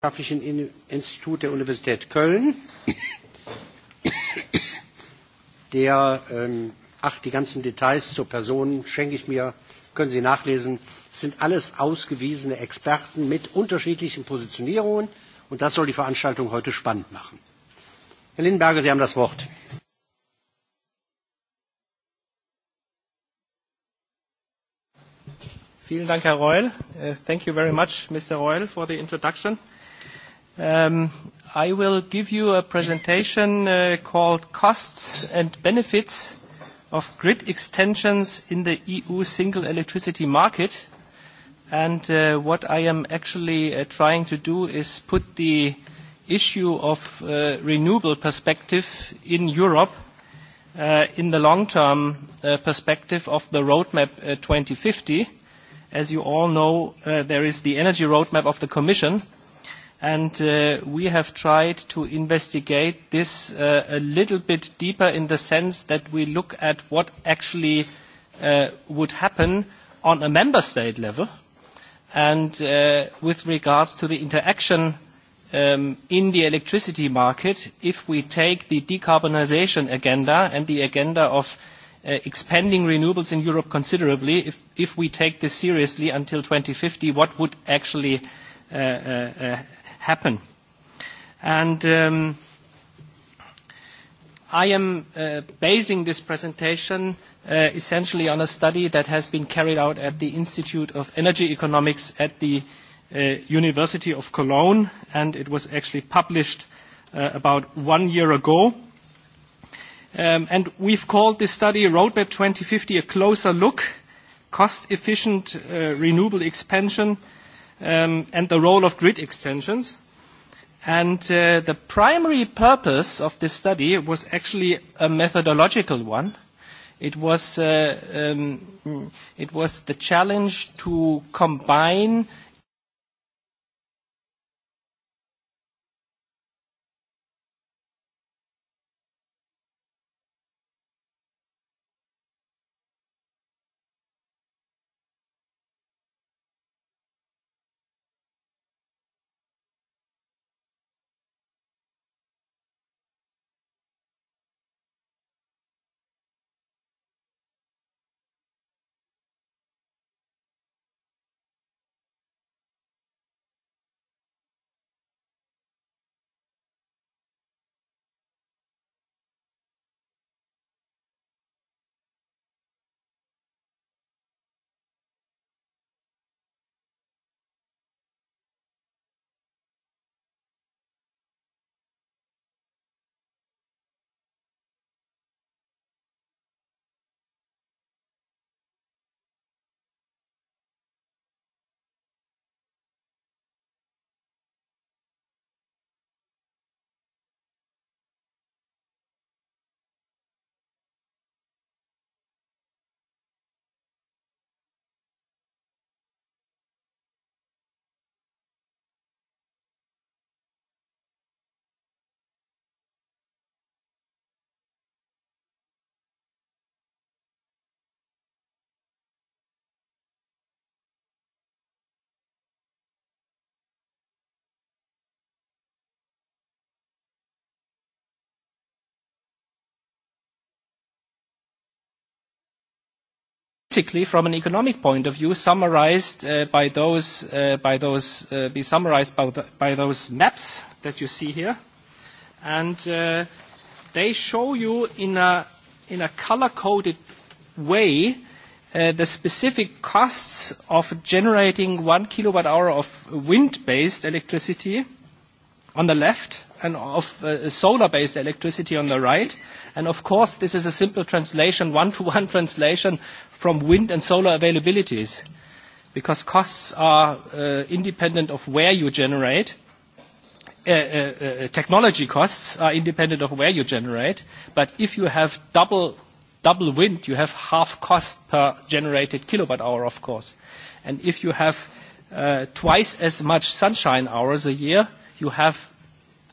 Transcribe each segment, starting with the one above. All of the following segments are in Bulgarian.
Wissenschaftlichen Institut der Universität Köln, der, ähm, ach, die ganzen Details zur Person schenke ich mir, können Sie nachlesen, das sind alles ausgewiesene Experten mit unterschiedlichen Positionierungen und das soll die Veranstaltung heute spannend machen. Herr Lindenberger, Sie haben das Wort. Vielen Dank, Herr Reul. Uh, thank you very much, Mr. Reul, for the introduction. I will give you a presentation called Costs and Benefits of Grid Extensions in the EU Single Electricity Market. And what I am actually trying to do is put the issue of renewable perspective in Europe in the long-term perspective of the roadmap 2050. As you all know, there is the energy roadmap of the Commission – and uh, we have tried to investigate this uh, a little bit deeper in the sense that we look at what actually uh, would happen on a member state level and uh, with regards to the interaction um, in the electricity market if we take the decarbonization agenda and the agenda of uh, expanding renewables in Europe considerably, if, if we take this seriously until 2050, what would actually uh, uh, happen. And um, I am uh, basing this presentation uh, essentially on a study that has been carried out at the Institute of Energy Economics at the uh, University of Cologne, and it was actually published uh, about one year ago. Um, and we've called this study Roadmap 2050 a closer look, cost-efficient uh, renewable expansion – um, and the role of grid extensions. And uh, the primary purpose of this study was actually a methodological one. It was, uh, um, it was the challenge to combine basically, from an economic point of view, summarized uh, by those, uh, by those, uh, be summarized by, the by those maps that you see here. And uh, they show you in a, in a color-coded way uh, the specific costs of generating one kilowatt hour of wind-based electricity on the left and of uh, solar-based electricity on the right. And of course, this is a simple translation, one-to-one translation from wind and solar availabilities because costs are uh, independent of where you generate. Uh, uh, uh, technology costs are independent of where you generate, but if you have double, double wind, you have half cost per generated kilowatt hour, of course. And if you have uh, twice as much sunshine hours a year, you have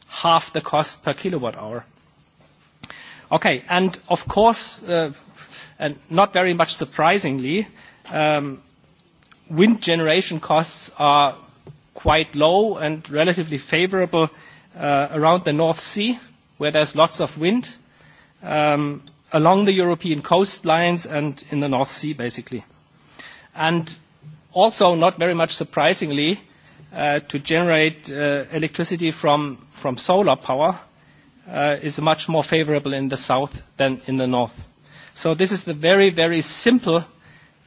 half the cost per kilowatt hour. Okay, and of course, uh, And not very much surprisingly, wind generation costs are quite low and relatively favorable around the North Sea, where there's lots of wind, along the European coastlines and in the North Sea, basically. And also, not very much surprisingly, to generate electricity from, solar power is much more favorable in the south than in the north. So this is the very, very simple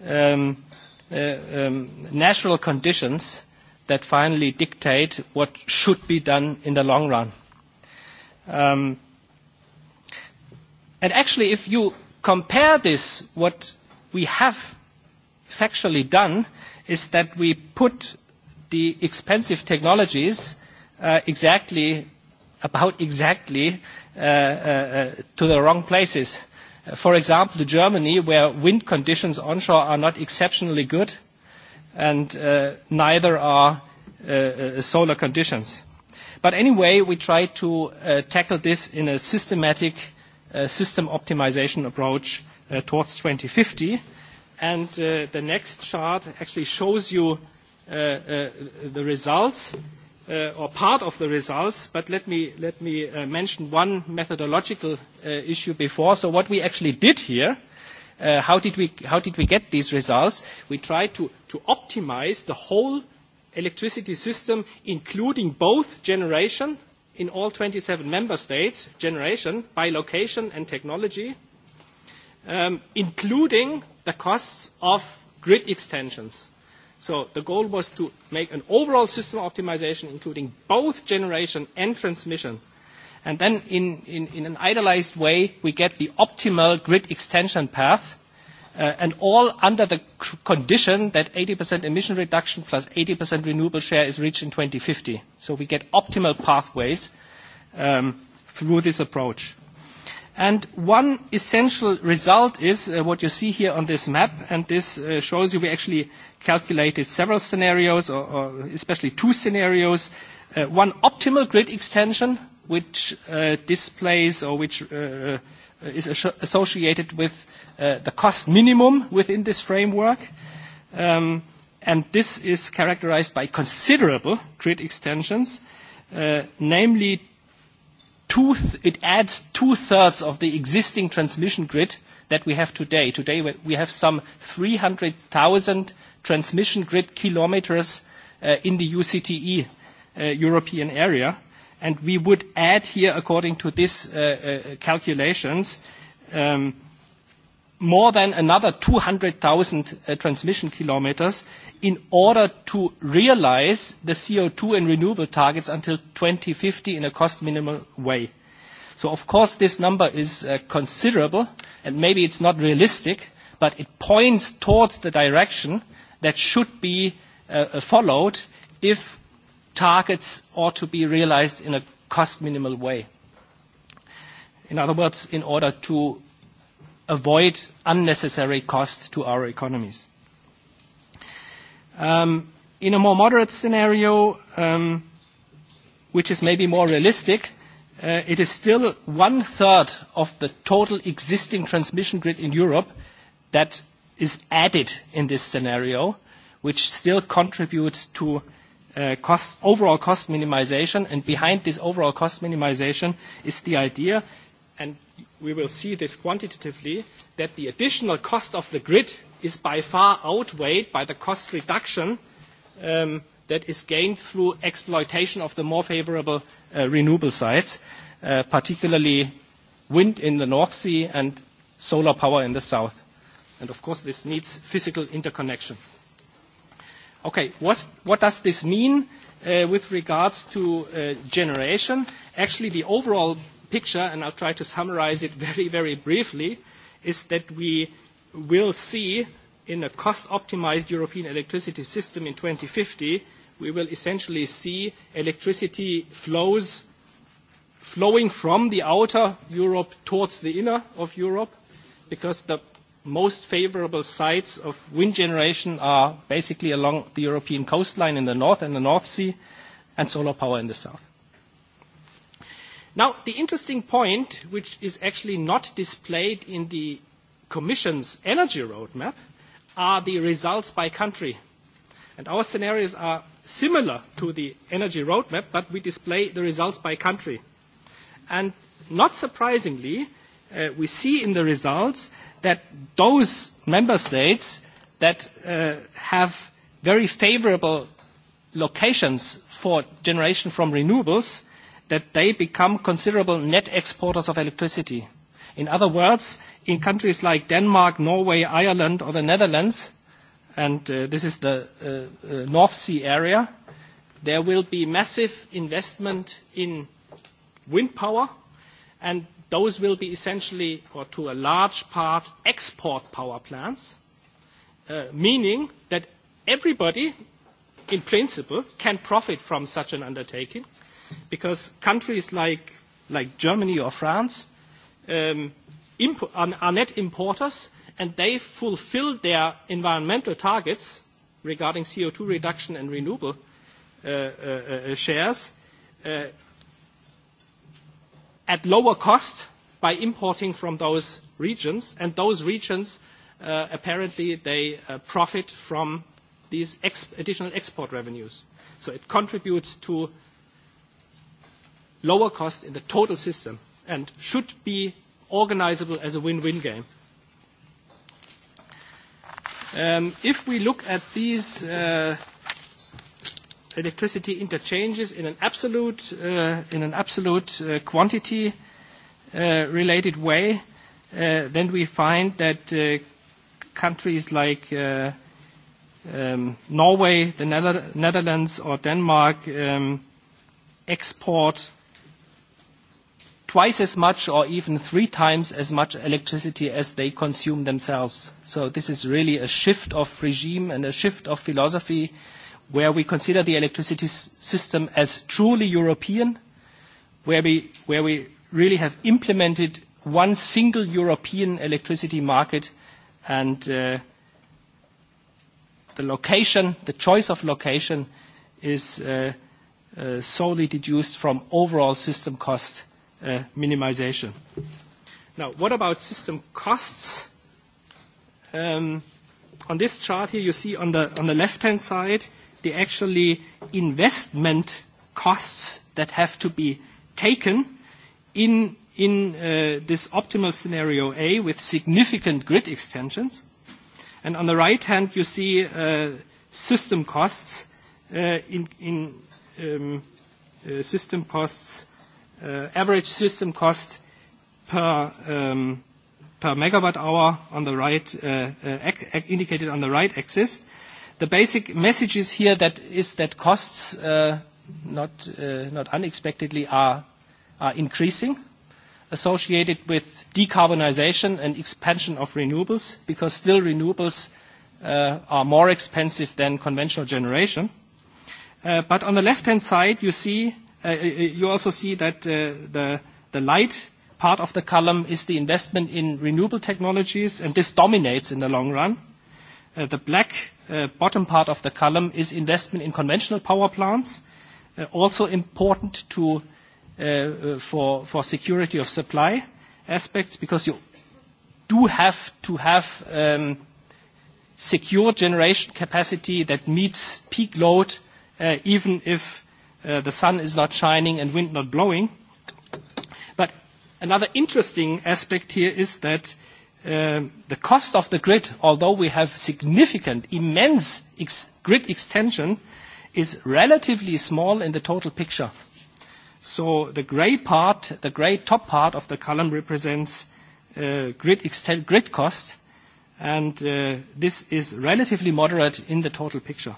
um, uh, um, natural conditions that finally dictate what should be done in the long run. Um, and actually, if you compare this, what we have factually done is that we put the expensive technologies uh, exactly, about exactly, uh, uh, to the wrong places For example, Germany, where wind conditions onshore are not exceptionally good, and uh, neither are uh, solar conditions. But anyway, we try to uh, tackle this in a systematic uh, system optimization approach uh, towards 2050. And uh, the next chart actually shows you uh, uh, the results or part of the results, but let me let me mention one methodological issue before. So what we actually did here, how did we get these results? We tried to to optimize the whole electricity system, including both generation in all 27 member states, generation by location and technology, including the costs of grid extensions. So the goal was to make an overall system optimization, including both generation and transmission. And then in, in, in an idealized way, we get the optimal grid extension path, uh, and all under the condition that 80% emission reduction plus 80% renewable share is reached in 2050. So we get optimal pathways um, through this approach. And one essential result is uh, what you see here on this map, and this uh, shows you we actually – calculated several scenarios, or, or especially two scenarios. Uh, one optimal grid extension, which uh, displays or which uh, is associated with uh, the cost minimum within this framework. Um, and this is characterized by considerable grid extensions, uh, namely two th- it adds two-thirds of the existing transmission grid that we have today. Today we have some 300,000 transmission grid kilometers in the UCTE European area. And we would add here, according to these calculations, more than another 200,000 transmission kilometers in order to realize the CO2 and renewable targets until 2050 in a cost minimal way. So Of course, this number is considerable, and maybe it's not realistic, but it points towards the direction that should be followed if targets ought to be realized in a cost minimal way. In other words, in order to avoid unnecessary cost to our economies. in a more moderate scenario, which is maybe more realistic, it is still one third of the total existing transmission grid in Europe that is added in this scenario, which still contributes to overall cost minimization. And behind this overall cost minimization is the idea, and we will see this quantitatively, that the additional cost of the grid is by far outweighed by the cost reduction that is gained through exploitation of the more favorable renewable sites, particularly wind in the North Sea and solar power in the south. And of course, this needs physical interconnection. Okay, what's, what does this mean uh, with regards to uh, generation? Actually, the overall picture, and I'll try to summarize it very, very briefly, is that we will see in a cost-optimized European electricity system in 2050, we will essentially see electricity flows flowing from the outer Europe towards the inner of Europe because the most favorable sites of wind generation are basically along the European coastline in the north and the North Sea, and solar power in the south. Now, the interesting point, which is actually not displayed in the Commission's energy roadmap, are the results by country. And our scenarios are similar to the energy roadmap, but we display the results by country. And not surprisingly, we see in the results that those member states that uh, have very favorable locations for generation from renewables, that they become considerable net exporters of electricity. In other words, in countries like Denmark, Norway, Ireland, or the Netherlands, and uh, this is the uh, uh, North Sea area, there will be massive investment in wind power, and Those will be essentially, or to a large part, export power plants, meaning that everybody, in principle, can profit from such an undertaking because countries like, Germany or France are, net importers and they fulfill their environmental targets regarding CO2 reduction and renewable shares at lower cost by importing from those regions, and those regions apparently they profit from these additional export revenues. So it contributes to lower cost in the total system and should be organizable as a win-win game. If we look at these electricity interchanges in an absolute, uh, in an absolute uh, quantity uh, related way, uh, then we find that uh, countries like uh, um, Norway, the Nether- Netherlands, or Denmark um, export twice as much or even three times as much electricity as they consume themselves. So this is really a shift of regime and a shift of philosophy where we consider the electricity system as truly European, where we, where we really have implemented one single European electricity market and uh, the location, the choice of location is uh, uh, solely deduced from overall system cost uh, minimization. Now, what about system costs? Um, on this chart here, you see on the, on the left-hand side, uh, the actually investment costs that have to be taken in this optimal scenario A with significant grid extensions. and On the right hand, you see system costs in system costs, average system cost per megawatt hour on the right, indicated on the right axis. The basic message is here that is that costs, uh, not, uh, not unexpectedly, are, are increasing associated with decarbonization and expansion of renewables because still renewables uh, are more expensive than conventional generation. Uh, but on the left-hand side, you see, uh, you also see that uh, the, the light part of the column is the investment in renewable technologies, and this dominates in the long run. Uh, the black bottom part of the column is investment in conventional power plants, also important for security of supply aspects, because you do have to have secure generation capacity that meets peak load, even if the sun is not shining and wind not blowing. But another interesting aspect here is that the cost of the grid, although we have significant, immense grid extension, is relatively small in the total picture. So the gray part, the gray top part of the column represents grid cost, and this is relatively moderate in the total picture.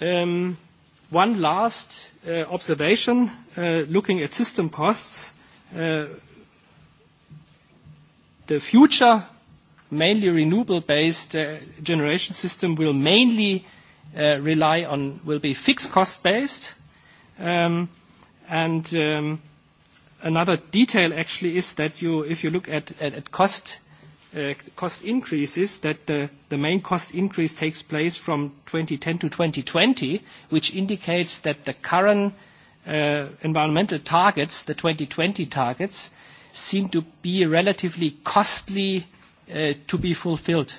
One last observation, looking at system costs, The future, mainly renewable-based generation system will mainly rely on, will be fixed cost-based. And another detail actually is that you, if you look at cost increases, that the main cost increase takes place from 2010 to 2020, which indicates that the current environmental targets, the 2020 targets, seem to be relatively costly uh, to be fulfilled.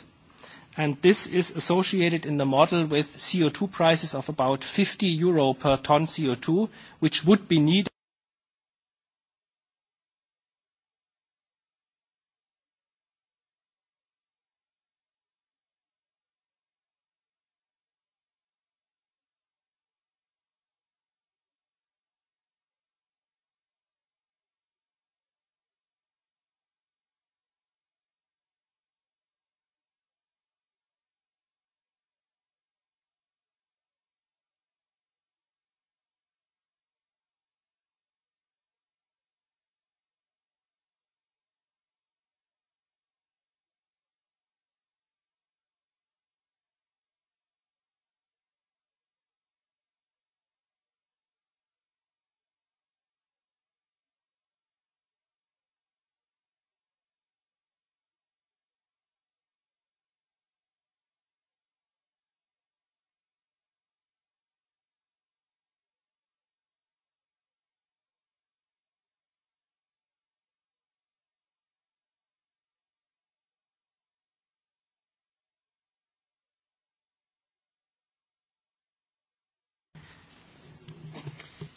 And this is associated in the model with CO2 prices of about 50 euro per ton CO2, which would be needed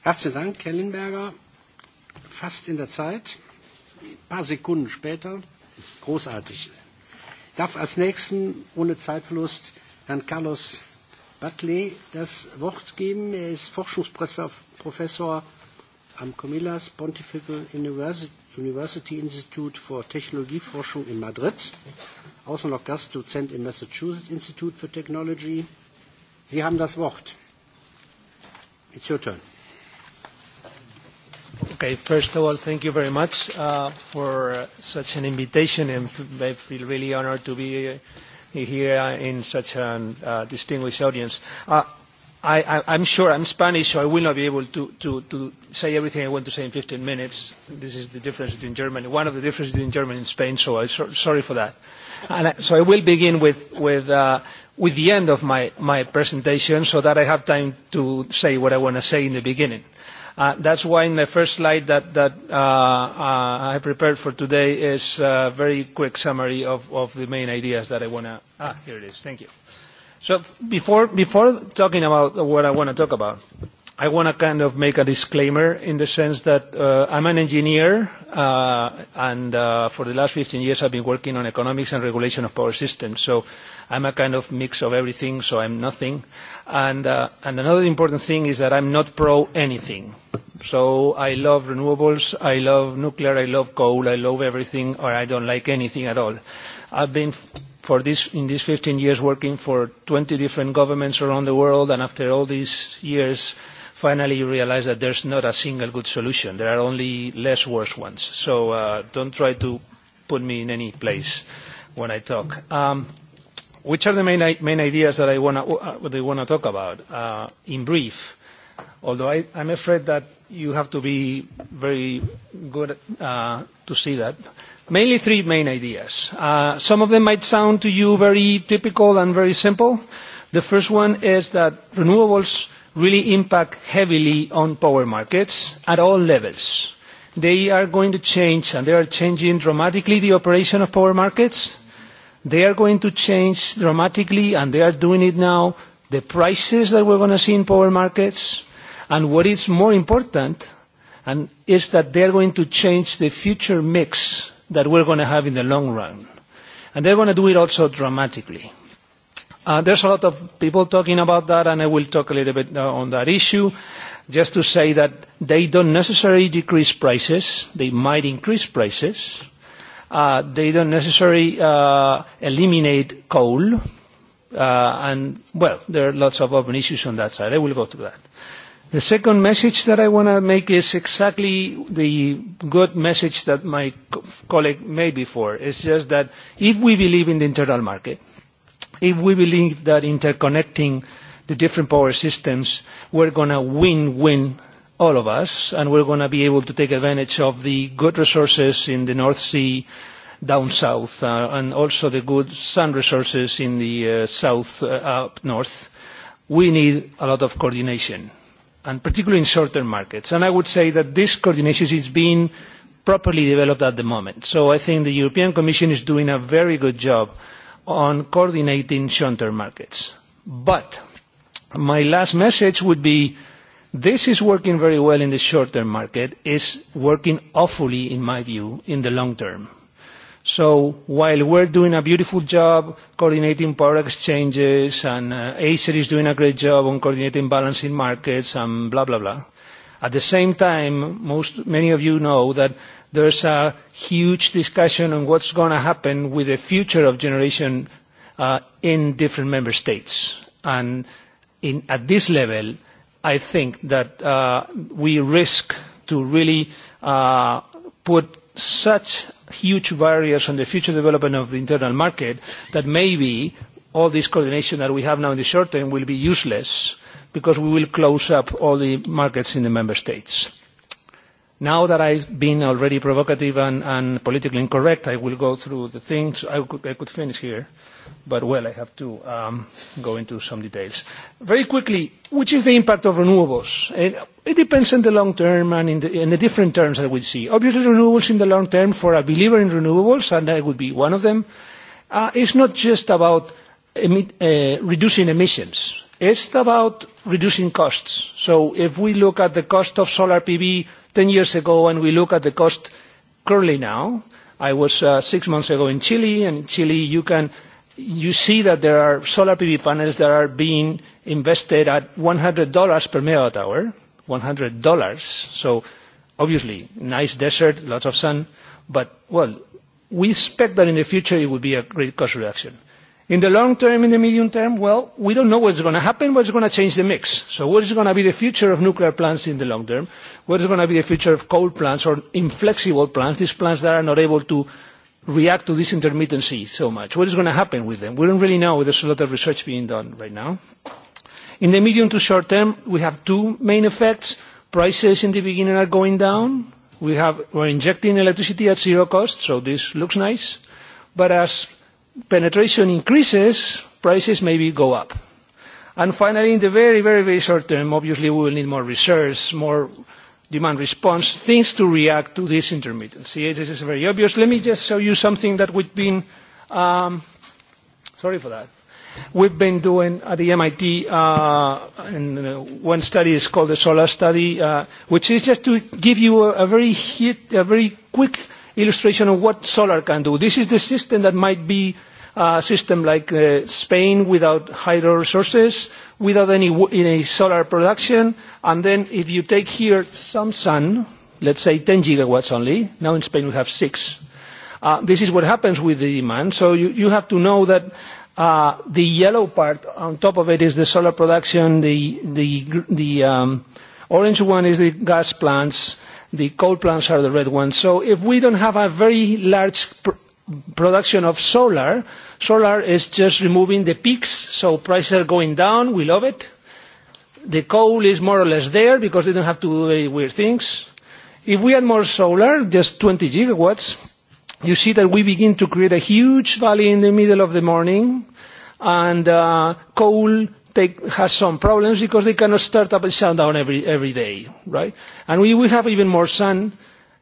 Herzlichen Dank, Herr Lindberger. Fast in der Zeit. Ein paar Sekunden später. Großartig. Ich darf als Nächsten ohne Zeitverlust Herrn Carlos Batley das Wort geben. Er ist Forschungsprofessor am Comillas Pontifical University Institute for Technologieforschung in Madrid, außer noch Gastdozent im Massachusetts Institute for Technology. Sie haben das Wort. It's your turn. Okay. First of all, thank you very much uh, for such an invitation, and I feel really honored to be here in such a uh, distinguished audience. Uh, I, I, I'm sure I'm Spanish, so I will not be able to, to, to say everything I want to say in 15 minutes. This is the difference between Germany, one of the differences between Germany and Spain, so I'm so, sorry for that. And I, so I will begin with, with, uh, with the end of my, my presentation so that I have time to say what I want to say in the beginning. Uh, that's why in the first slide that, that uh, uh, I prepared for today is a very quick summary of, of the main ideas that I want to... here it is. Thank you. So before, before talking about what I want to talk about, I want to kind of make a disclaimer in the sense that uh, I'm an engineer, uh, and uh, for the last 15 years I've been working on economics and regulation of power systems. So I'm a kind of mix of everything, so I'm nothing. And, uh, and another important thing is that I'm not pro anything. So I love renewables, I love nuclear, I love coal, I love everything, or I don't like anything at all. I've been for this in these 15 years working for 20 different governments around the world, and after all these years finally you realize that there's not a single good solution. There are only less worse ones. So uh, don't try to put me in any place when I talk. Um, which are the main, main ideas that I want to uh, talk about? Uh, in brief, although I, I'm afraid that you have to be very good uh, to see that. Mainly three main ideas. Uh, some of them might sound to you very typical and very simple. The first one is that renewables – really impact heavily on power markets at all levels. They are going to change, and they are changing dramatically the operation of power markets. They are going to change dramatically, and they are doing it now, the prices that we're going to see in power markets. And what is more important and is that they are going to change the future mix that we're going to have in the long run. And they're going to do it also dramatically. Uh, there's a lot of people talking about that, and I will talk a little bit on that issue. Just to say that they don't necessarily decrease prices, they might increase prices. Uh, they don't necessarily uh, eliminate coal. Uh, and, well, there are lots of open issues on that side. I will go through that. The second message that I want to make is exactly the good message that my colleague made before. It's just that if we believe in the internal market, if we believe that interconnecting the different power systems, we're going to win-win all of us, and we're going to be able to take advantage of the good resources in the North Sea down south, and also the good sun resources in the south up north. We need a lot of coordination, and particularly in short-term markets. And I would say that this coordination is being properly developed at the moment. So I think the European Commission is doing a very good job on coordinating short term markets. But my last message would be this is working very well in the short-term market, is working awfully, in my view, in the long term. So while we're doing a beautiful job coordinating power exchanges and uh, Acer is doing a great job on coordinating balancing markets and blah, blah, blah, at the same time, most, many of you know that There's a huge discussion on what's going to happen with the future of generation uh, in different member states. And in, at this level, I think that uh, we risk to really uh, put such huge barriers on the future development of the internal market that maybe all this coordination that we have now in the short term will be useless because we will close up all the markets in the member states. Now that I've been already provocative and, and politically incorrect, I will go through the things. I could, I could finish here, but well, I have to um, go into some details. Very quickly, which is the impact of renewables? It, it depends on the long term and in the, in the different terms that we see. Obviously, renewables in the long term, for a believer in renewables, and I would be one of them, uh, it's not just about emit, uh, reducing emissions. It's about reducing costs. So if we look at the cost of solar PV Ten years ago, when we look at the cost currently now, I was uh, six months ago in Chile, and in Chile you can you see that there are solar PV panels that are being invested at $100 per megawatt hour, $100. So obviously, nice desert, lots of sun, but well, we expect that in the future it will be a great cost reduction. In the long term, in the medium term, well, we don't know what's going to happen, what's going to change the mix. So what is going to be the future of nuclear plants in the long term? What is going to be the future of coal plants or inflexible plants, these plants that are not able to react to this intermittency so much? What is going to happen with them? We don't really know. There's a lot of research being done right now. In the medium to short term, we have two main effects. Prices in the beginning are going down. We have We're injecting electricity at zero cost, so this looks nice. But as penetration increases, prices maybe go up. And finally, in the very, very, very short term, obviously we will need more research, more demand response, things to react to this intermittency. This is very obvious. Let me just show you something that we've been, um, sorry for that, we've been doing at the MIT, uh, and uh, one study is called the SOLAR study, uh, which is just to give you a, a very hit, a very quick illustration of what solar can do. This is the system that might be a system like uh, Spain without hydro resources, without any, any solar production, and then if you take here some sun, let's say 10 gigawatts only, now in Spain we have six, uh, this is what happens with the demand. So you, you have to know that uh, the yellow part on top of it is the solar production, the, the, the um, orange one is the gas plants, the coal plants are the red ones. So if we don't have a very large pr production of solar, solar is just removing the peaks, so prices are going down, we love it. The coal is more or less there because they don't have to do very weird things. If we add more solar, just 20 gigawatts, you see that we begin to create a huge valley in the middle of the morning, and uh, coal they has some problems because they cannot start up and shut down every, every day, right? And we, we have even more sun,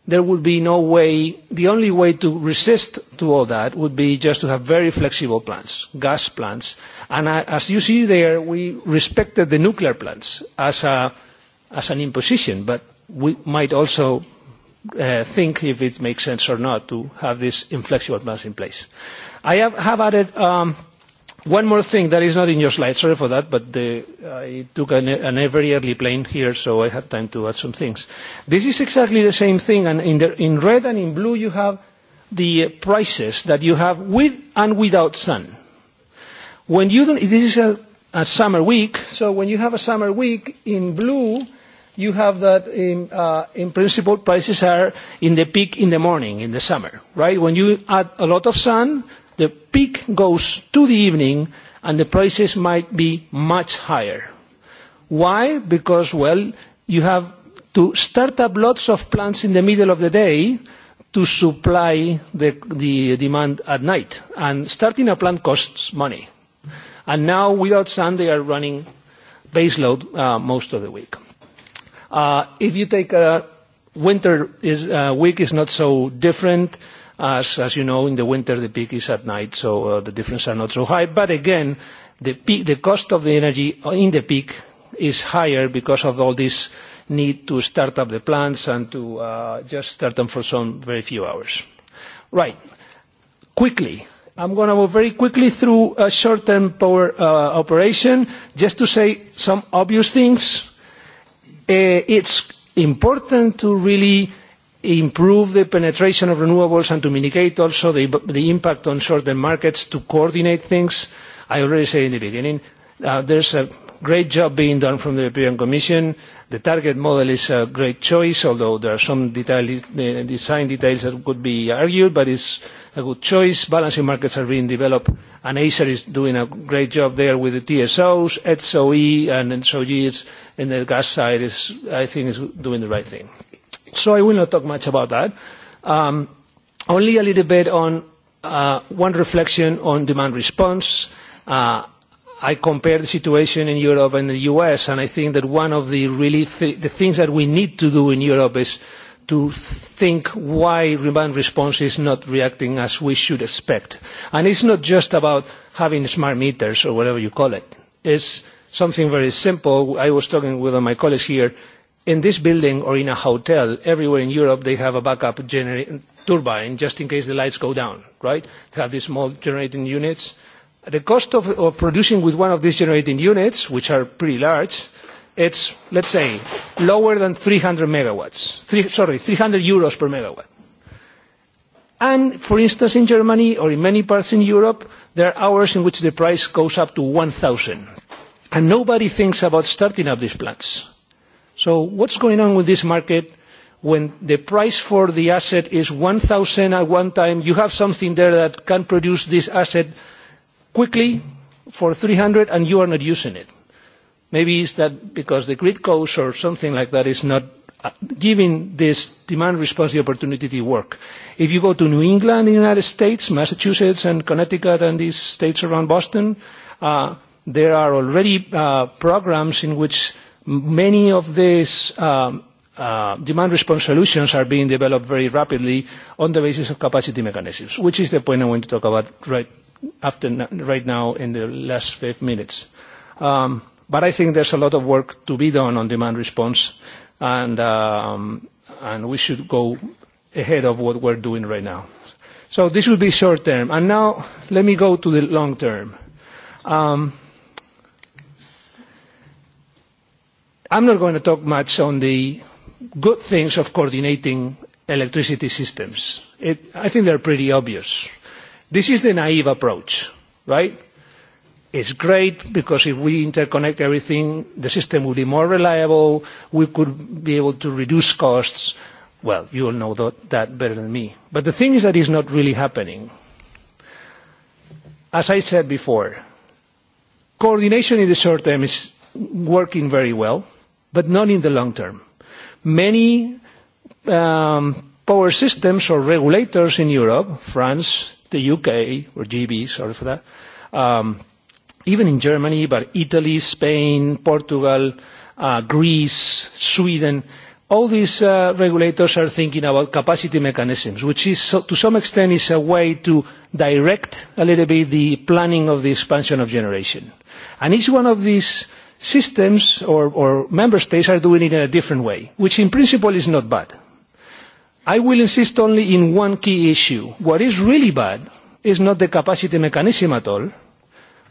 there would be no way, the only way to resist to all that would be just to have very flexible plants, gas plants. And I, as you see there, we respected the nuclear plants as, a, as an imposition, but we might also uh, think if it makes sense or not to have these inflexible plants in place. I have, have added um, – One more thing that is not in your slide, sorry for that, but the, I took an, very early plane here, so I have time to add some things. This is exactly the same thing, and in, the, in red and in blue you have the prices that you have with and without sun. When you don't, this is a, a summer week, so when you have a summer week in blue, you have that in, uh, in principle prices are in the peak in the morning in the summer, right? When you add a lot of sun, the peak goes to the evening and the prices might be much higher. Why? Because, well, you have to start up lots of plants in the middle of the day to supply the, the demand at night. And starting a plant costs money. And now, without sun, they are running baseload uh, most of the week. Uh, if you take a winter is, uh, week is not so different. As you know, in the winter, the peak is at night, so the difference are not so high. But again, the cost of the energy in the peak is higher because of all this need to start up the plants and to just start them for some very few hours. Right. Quickly, I'm going to move very quickly through a short-term power operation just to say some obvious things. It's important to really improve the penetration of renewables and to mitigate also the, the impact on short-term markets to coordinate things. I already said in the beginning, there's a great job being done from the European Commission. The target model is a great choice, although there are some design details that could be argued, but it's a good choice. Balancing markets are being developed, and ACER is doing a great job there with the TSOs, ETSOE, and SOG is, in the gas side, is, I think is doing the right thing. So I will not talk much about that. Um, only a little bit on uh, one reflection on demand response. Uh, I compare the situation in Europe and the US, and I think that one of the really th- the things that we need to do in Europe is to think why demand response is not reacting as we should expect. And it's not just about having smart meters or whatever you call it. It's something very simple. I was talking with my colleagues here in this building or in a hotel, everywhere in Europe, they have a backup gener- turbine just in case the lights go down, right? They have these small generating units. The cost of, of producing with one of these generating units, which are pretty large, it's, let's say, lower than 300 megawatts. Three, sorry, 300 euros per megawatt. And, for instance, in Germany or in many parts in Europe, there are hours in which the price goes up to 1,000. And nobody thinks about starting up these plants So what's going on with this market when the price for the asset is 1,000 at one time? You have something there that can produce this asset quickly for 300, and you are not using it. Maybe it's that because the grid cost or something like that is not giving this demand response the opportunity to work. If you go to New England, the United States, Massachusetts and Connecticut and these states around Boston, uh, there are already uh, programs in which Many of these um, uh, demand response solutions are being developed very rapidly on the basis of capacity mechanisms, which is the point I want to talk about right, after, right now in the last five minutes. Um, but I think there's a lot of work to be done on demand response, and, um, and we should go ahead of what we're doing right now. So this would be short term. And now let me go to the long term. Um, I'm not going to talk much on the good things of coordinating electricity systems. It, I think they're pretty obvious. This is the naive approach, right? It's great because if we interconnect everything, the system will be more reliable, we could be able to reduce costs. Well, you all know that, that better than me. But the thing is that it's not really happening. As I said before, coordination in the short term is working very well but not in the long term. Many um, power systems or regulators in Europe, France, the UK, or GB, sorry for that, um, even in Germany, but Italy, Spain, Portugal, uh, Greece, Sweden, all these uh, regulators are thinking about capacity mechanisms, which is, so, to some extent is a way to direct a little bit the planning of the expansion of generation. And each one of these systems or, or member states are doing it in a different way, which in principle is not bad. I will insist only in one key issue. What is really bad is not the capacity mechanism at all.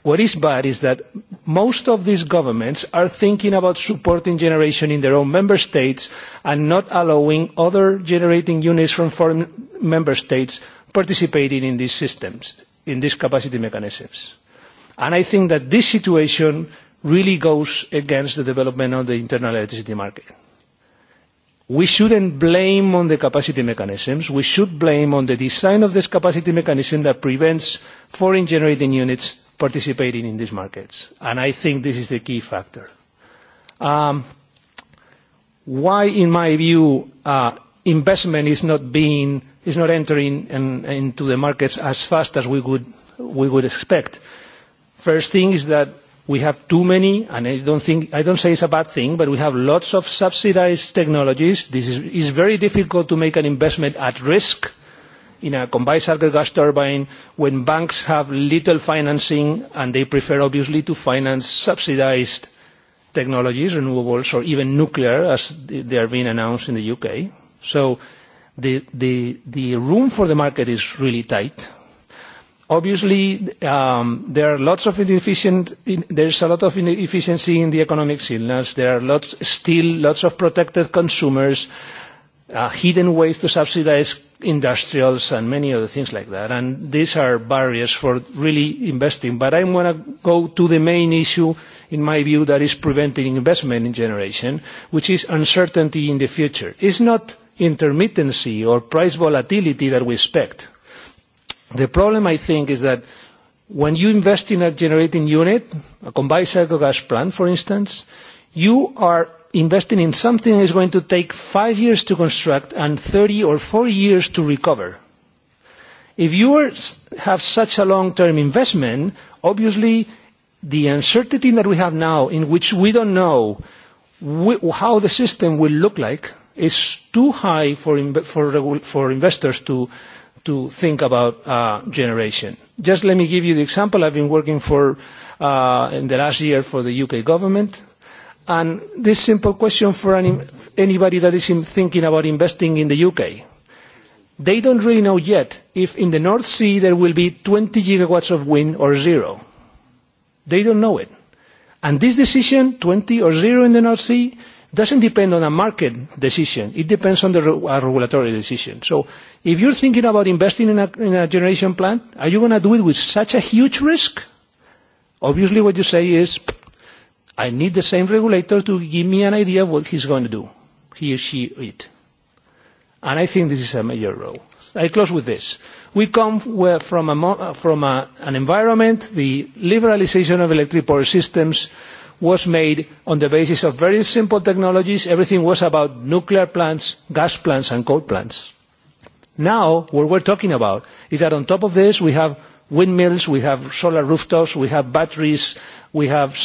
What is bad is that most of these governments are thinking about supporting generation in their own member states and not allowing other generating units from foreign member states participating in these systems, in these capacity mechanisms. And I think that this situation really goes against the development of the internal electricity market. We shouldn't blame on the capacity mechanisms. We should blame on the design of this capacity mechanism that prevents foreign generating units participating in these markets. And I think this is the key factor. Um, why, in my view, uh, investment is not being is not entering in, into the markets as fast as we would we would expect. First thing is that we have too many, and I don't think I don't say it's a bad thing, but we have lots of subsidized technologies. This is it's very difficult to make an investment at risk in a combined cycle gas turbine when banks have little financing and they prefer obviously to finance subsidized technologies, renewables, or even nuclear as they are being announced in the UK. So the, the, the room for the market is really tight Obviously, um, there are lots of inefficient. In, there's a lot of inefficiency in the economic signals. There are lots, still lots of protected consumers, uh, hidden ways to subsidize industrials, and many other things like that. And these are barriers for really investing. But I wanna go to the main issue, in my view, that is preventing investment in generation, which is uncertainty in the future. It's not intermittency or price volatility that we expect The problem, I think, is that when you invest in a generating unit, a combined cycle gas plant, for instance, you are investing in something that is going to take five years to construct and 30 or 40 years to recover. If you are, have such a long-term investment, obviously the uncertainty that we have now, in which we don't know how the system will look like, is too high for, for, for investors to, to think about uh, generation. Just let me give you the example. I've been working for uh, in the last year for the UK government, and this simple question for any, anybody that is thinking about investing in the UK. They don't really know yet if in the North Sea there will be 20 gigawatts of wind or zero. They don't know it. And this decision, 20 or zero in the North Sea, doesn't depend on a market decision. It depends on the re- a regulatory decision. So if you're thinking about investing in a, in a generation plant, are you going to do it with such a huge risk? Obviously, what you say is, I need the same regulator to give me an idea of what he's going to do, he or she it. And I think this is a major role. I close with this. We come from, a, from a, an environment, the liberalization of electric power systems, was made on the basis of very simple technologies. Everything was about nuclear plants, gas plants, and coal plants. Now, what we're talking about is that on top of this, we have windmills, we have solar rooftops, we have batteries, we have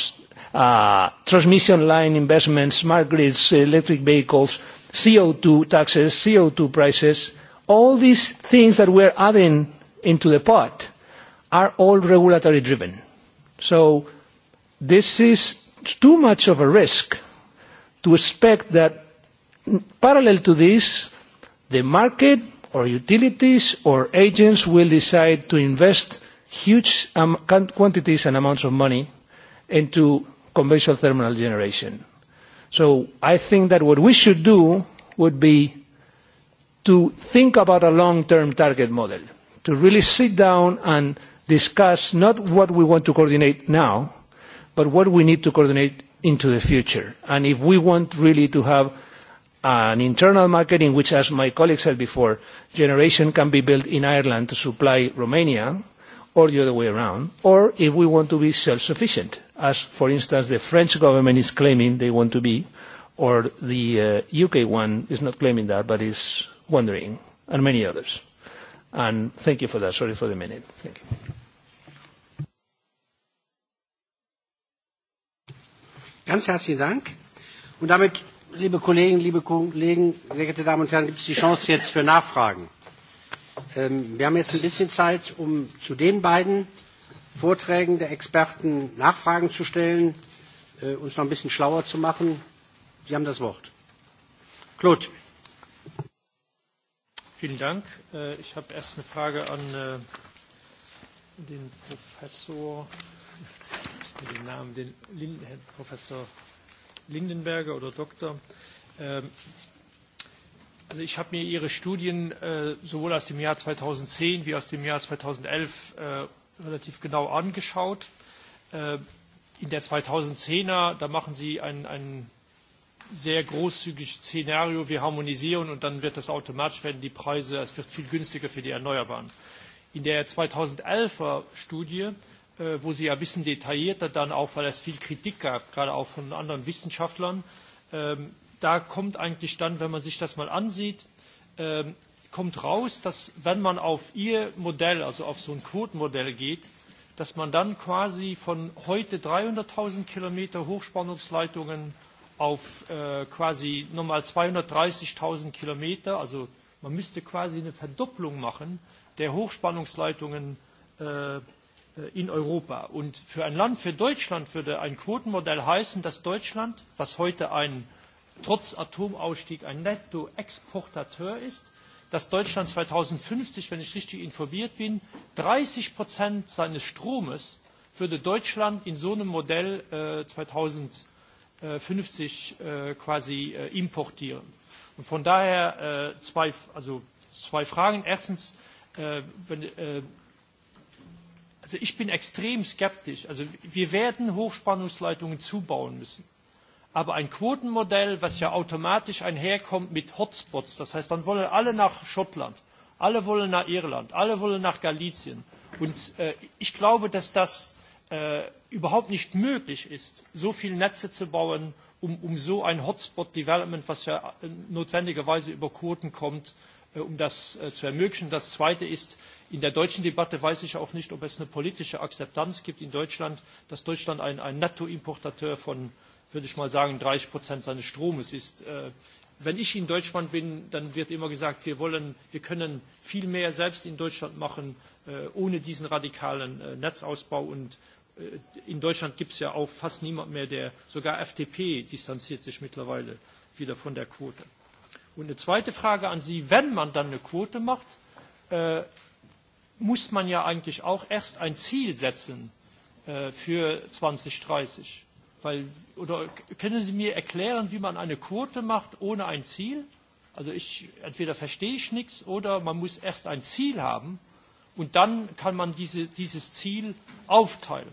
uh, transmission line investments, smart grids, electric vehicles, CO2 taxes, CO2 prices. All these things that we're adding into the pot are all regulatory driven. So this is too much of a risk to expect that parallel to this, the market or utilities or agents will decide to invest huge quantities and amounts of money into conventional thermal generation. So I think that what we should do would be to think about a long-term target model, to really sit down and discuss not what we want to coordinate now, but what we need to coordinate into the future. And if we want really to have an internal market in which, as my colleague said before, generation can be built in Ireland to supply Romania, or the other way around, or if we want to be self-sufficient, as, for instance, the French government is claiming they want to be, or the uh, UK one is not claiming that, but is wondering, and many others. And thank you for that. Sorry for the minute. Thank you. Ganz herzlichen Dank. Und damit, liebe Kollegen, liebe Kollegen, sehr geehrte Damen und Herren, gibt es die Chance jetzt für Nachfragen. wir haben jetzt ein bisschen Zeit, um zu den beiden Vorträgen der Experten Nachfragen zu stellen, uns noch ein bisschen schlauer zu machen. Sie haben das Wort. Claude. Vielen Dank. Ich habe erst eine Frage an den Professor für den Namen, den Herr Professor Lindenberger oder Doktor. Also ich habe mir Ihre Studien sowohl aus dem Jahr 2010 wie aus dem Jahr 2011 relativ genau angeschaut. In der 2010er, da machen Sie ein, ein sehr großzügiges Szenario, wir harmonisieren und dann wird das automatisch werden die Preise, es wird viel günstiger für die Erneuerbaren. In der 2011er Studie wo Sie ja ein bisschen detaillierter dann auch, weil es viel Kritik gab, gerade auch von anderen Wissenschaftlern, da kommt eigentlich dann, wenn man sich das mal ansieht, kommt raus, dass wenn man auf Ihr Modell, also auf so ein Quotenmodell geht, dass man dann quasi von heute 300.000 Kilometer Hochspannungsleitungen auf äh, quasi nochmal 230.000 Kilometer, also man müsste quasi eine Verdopplung machen der Hochspannungsleitungen äh, in Europa. Und für ein Land, für Deutschland würde ein Quotenmodell heißen, dass Deutschland, was heute ein, trotz Atomausstieg ein Nettoexportateur ist, dass Deutschland 2050, wenn ich richtig informiert bin, 30 Prozent seines Stromes würde Deutschland in so einem Modell äh, 2050 äh, quasi äh, importieren. Und von daher äh, zwei, also zwei Fragen. Erstens, äh, wenn, äh, Also ich bin extrem skeptisch. Also wir werden Hochspannungsleitungen zubauen müssen. Aber ein Quotenmodell, was ja automatisch einherkommt mit Hotspots, das heißt, dann wollen alle nach Schottland, alle wollen nach Irland, alle wollen nach Galizien. Und ich glaube, dass das überhaupt nicht möglich ist, so viele Netze zu bauen, um, so ein Hotspot-Development, was ja notwendigerweise über Quoten kommt, um das zu ermöglichen. Das Zweite ist, In der deutschen Debatte weiß ich auch nicht, ob es eine politische Akzeptanz gibt in Deutschland, dass Deutschland ein, ein Nettoimportateur von, würde ich mal sagen, 30 Prozent seines Stromes ist. Wenn ich in Deutschland bin, dann wird immer gesagt, wir wollen, wir können viel mehr selbst in Deutschland machen, ohne diesen radikalen Netzausbau. Und in Deutschland gibt es ja auch fast niemand mehr, der, sogar FDP distanziert sich mittlerweile wieder von der Quote. Und eine zweite Frage an Sie, wenn man dann eine Quote macht, muss man ja eigentlich auch erst ein Ziel setzen für 2030. Weil, oder können Sie mir erklären, wie man eine Quote macht ohne ein Ziel? Also ich, entweder verstehe ich nichts oder man muss erst ein Ziel haben und dann kann man diese, dieses Ziel aufteilen.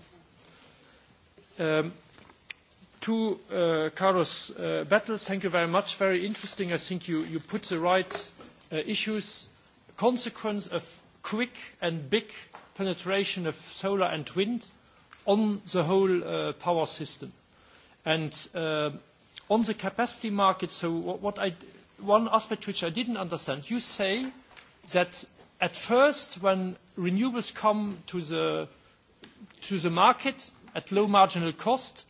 to uh, Carlos uh, Battles, thank you very much. Very interesting. I think you, you put the right uh, issues. Consequence of quick and big penetration of solar and wind on the whole power system. And on the capacity market, so what I one aspect which I didn't understand, you say that at first, when renewables come to the to the market at low marginal cost,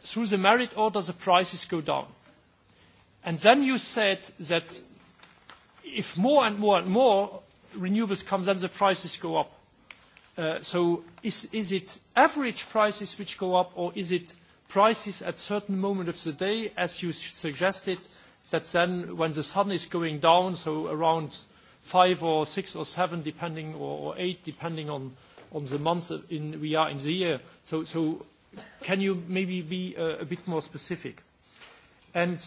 through the merit order, the prices go down. And then you said that if more and more and more renewables come then the prices go up. So is is it average prices which go up, or is it prices at certain moment of the day, as you suggested, that then when the sun is going down, so around five or six or seven, depending, or eight, depending on on the month in we are in the year. So so can you maybe be a bit more specific? And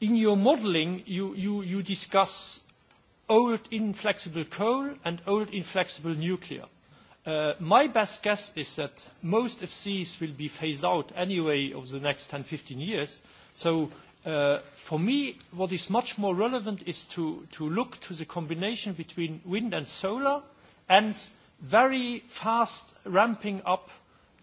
in your modeling, you you you discuss old inflexible coal and old inflexible nuclear. My best guess is that most of these will be phased out anyway over the next 10, 15 years. So for me, what is much more relevant is to look to the combination between wind and solar and very fast ramping up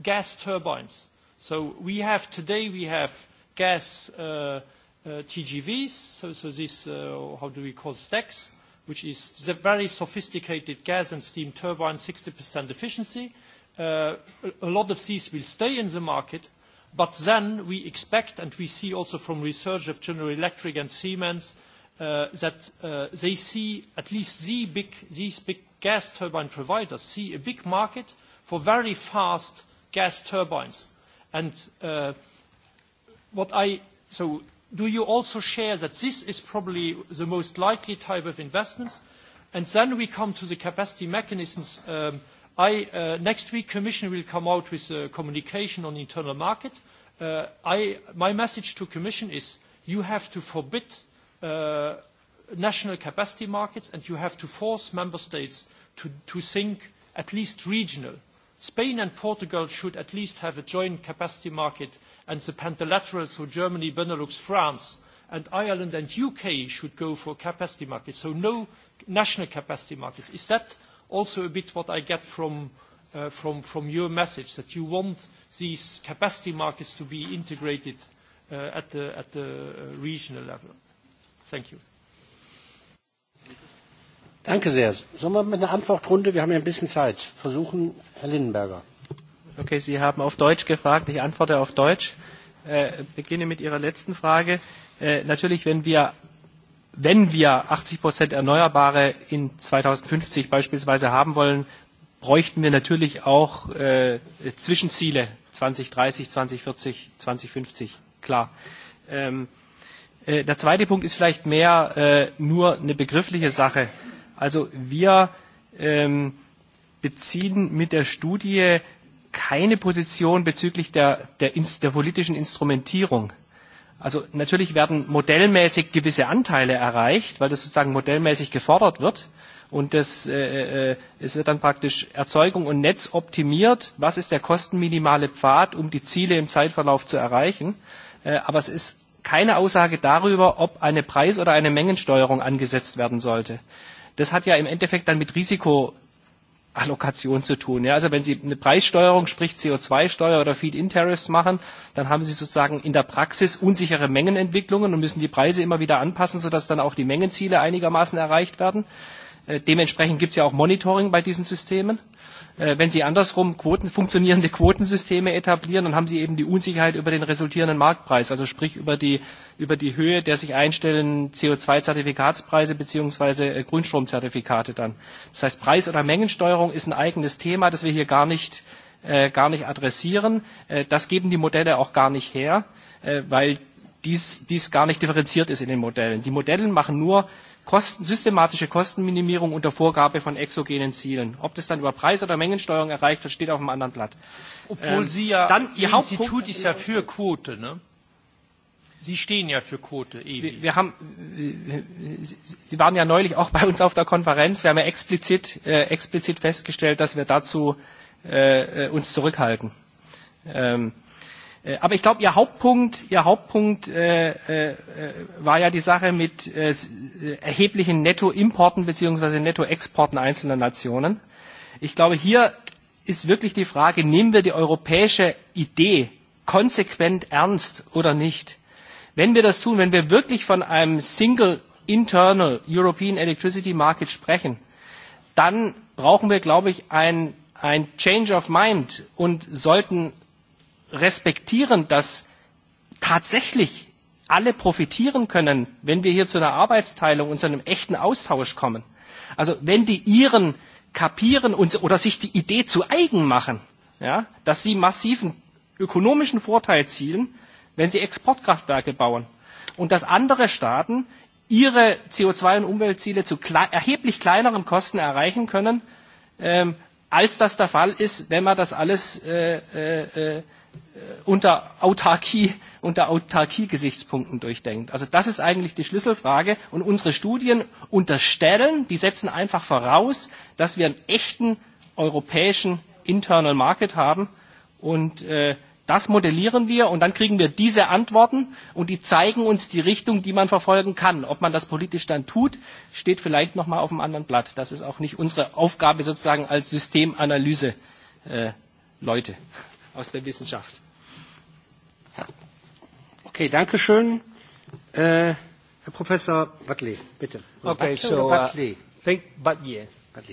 gas turbines. So we have today, we have gas TGVs, so these, how do we call stacks? which is a very sophisticated gas and steam turbine, 60% efficiency. A lot of these will stay in the market, but then we expect, and we see also from research of General Electric and Siemens, that they see at least these big gas turbine providers see a big market for very fast gas turbines. And what I so do you also share that this is probably the most likely type of investments? And then we come to the capacity mechanisms. I Next week, Commission will come out with a communication on the internal market. My message to Commission is you have to forbid national capacity markets, and you have to force member states to think at least regional. Spain and Portugal should at least have a joint capacity market and the pentalaterals, so Germany, Benelux, France, and Ireland and UK should go for capacity markets, so no national capacity markets. Is that also a bit what I get from, your message, that you want these capacity markets to be integrated at, the, at the regional level? Thank you. Danke sehr. Sollen wir mit einer Antwortrunde, wir haben ja ein bisschen Zeit, versuchen, Herr Lindenberger. Okay, Sie haben auf Deutsch gefragt. Ich antworte auf Deutsch. Äh, beginne mit Ihrer letzten Frage. Äh, natürlich, wenn wir wenn wir 80 Prozent Erneuerbare in 2050 beispielsweise haben wollen, bräuchten wir natürlich auch äh, Zwischenziele 2030, 2040, 2050, klar. Ähm, äh, der zweite Punkt ist vielleicht mehr äh, nur eine begriffliche Sache. Also wir ähm, beziehen mit der Studie keine Position bezüglich der, der, der politischen Instrumentierung. Also natürlich werden modellmäßig gewisse Anteile erreicht, weil das sozusagen modellmäßig gefordert wird. Und das, äh, äh, es wird dann praktisch Erzeugung und Netz optimiert. Was ist der kostenminimale Pfad, um die Ziele im Zeitverlauf zu erreichen? Äh, aber es ist keine Aussage darüber, ob eine Preis- oder eine Mengensteuerung angesetzt werden sollte. Das hat ja im Endeffekt dann mit Risiko Allokation zu tun. Ja, also wenn Sie eine Preissteuerung, sprich CO2-Steuer oder Feed-in-Tariffs machen, dann haben Sie sozusagen in der Praxis unsichere Mengenentwicklungen und müssen die Preise immer wieder anpassen, sodass dann auch die Mengenziele einigermaßen erreicht werden. Dementsprechend gibt es ja auch Monitoring bei diesen Systemen wenn Sie andersrum Quoten, funktionierende Quotensysteme etablieren, dann haben Sie eben die Unsicherheit über den resultierenden Marktpreis, also sprich über die, über die Höhe der sich einstellenden CO2-Zertifikatspreise bzw. Grundstromzertifikate dann. Das heißt, Preis- oder Mengensteuerung ist ein eigenes Thema, das wir hier gar nicht, äh, gar nicht adressieren. Äh, das geben die Modelle auch gar nicht her, äh, weil dies, dies gar nicht differenziert ist in den Modellen. Die Modelle machen nur Kosten, systematische Kostenminimierung unter Vorgabe von exogenen Zielen. Ob das dann über Preis- oder Mengensteuerung erreicht wird, steht auf einem anderen Blatt. Obwohl ähm, Sie ja, dann Ihr Institut ist ja für Quote, ne? Sie stehen ja für Quote, ewig. Wir, haben, Sie waren ja neulich auch bei uns auf der Konferenz. Wir haben ja explizit, äh, explizit festgestellt, dass wir dazu äh, uns zurückhalten. Ähm, aber ich glaube, Ihr Hauptpunkt, Ihr Hauptpunkt äh, äh, war ja die Sache mit äh, erheblichen Nettoimporten bzw. Nettoexporten einzelner Nationen. Ich glaube, hier ist wirklich die Frage, nehmen wir die europäische Idee konsequent ernst oder nicht? Wenn wir das tun, wenn wir wirklich von einem Single Internal European Electricity Market sprechen, dann brauchen wir, glaube ich, ein, ein Change of Mind und sollten respektieren, dass tatsächlich alle profitieren können, wenn wir hier zu einer Arbeitsteilung und zu einem echten Austausch kommen. Also wenn die Iren kapieren und, oder sich die Idee zu eigen machen, ja, dass sie massiven ökonomischen Vorteil zielen, wenn sie Exportkraftwerke bauen und dass andere Staaten ihre CO2- und Umweltziele zu kle erheblich kleineren Kosten erreichen können, ähm, als das der Fall ist, wenn man das alles äh, äh, unter Autarkie, unter Autarkie-Gesichtspunkten durchdenkt. Also das ist eigentlich die Schlüsselfrage. Und unsere Studien unterstellen, die setzen einfach voraus, dass wir einen echten europäischen Internal Market haben. Und äh, das modellieren wir und dann kriegen wir diese Antworten und die zeigen uns die Richtung, die man verfolgen kann. Ob man das politisch dann tut, steht vielleicht noch mal auf einem anderen Blatt. Das ist auch nicht unsere Aufgabe sozusagen als Systemanalyse-Leute aus der Wissenschaft. Okay, danke schön. Äh, Herr Professor Watley, bitte. Okay, so uh, think Batlier.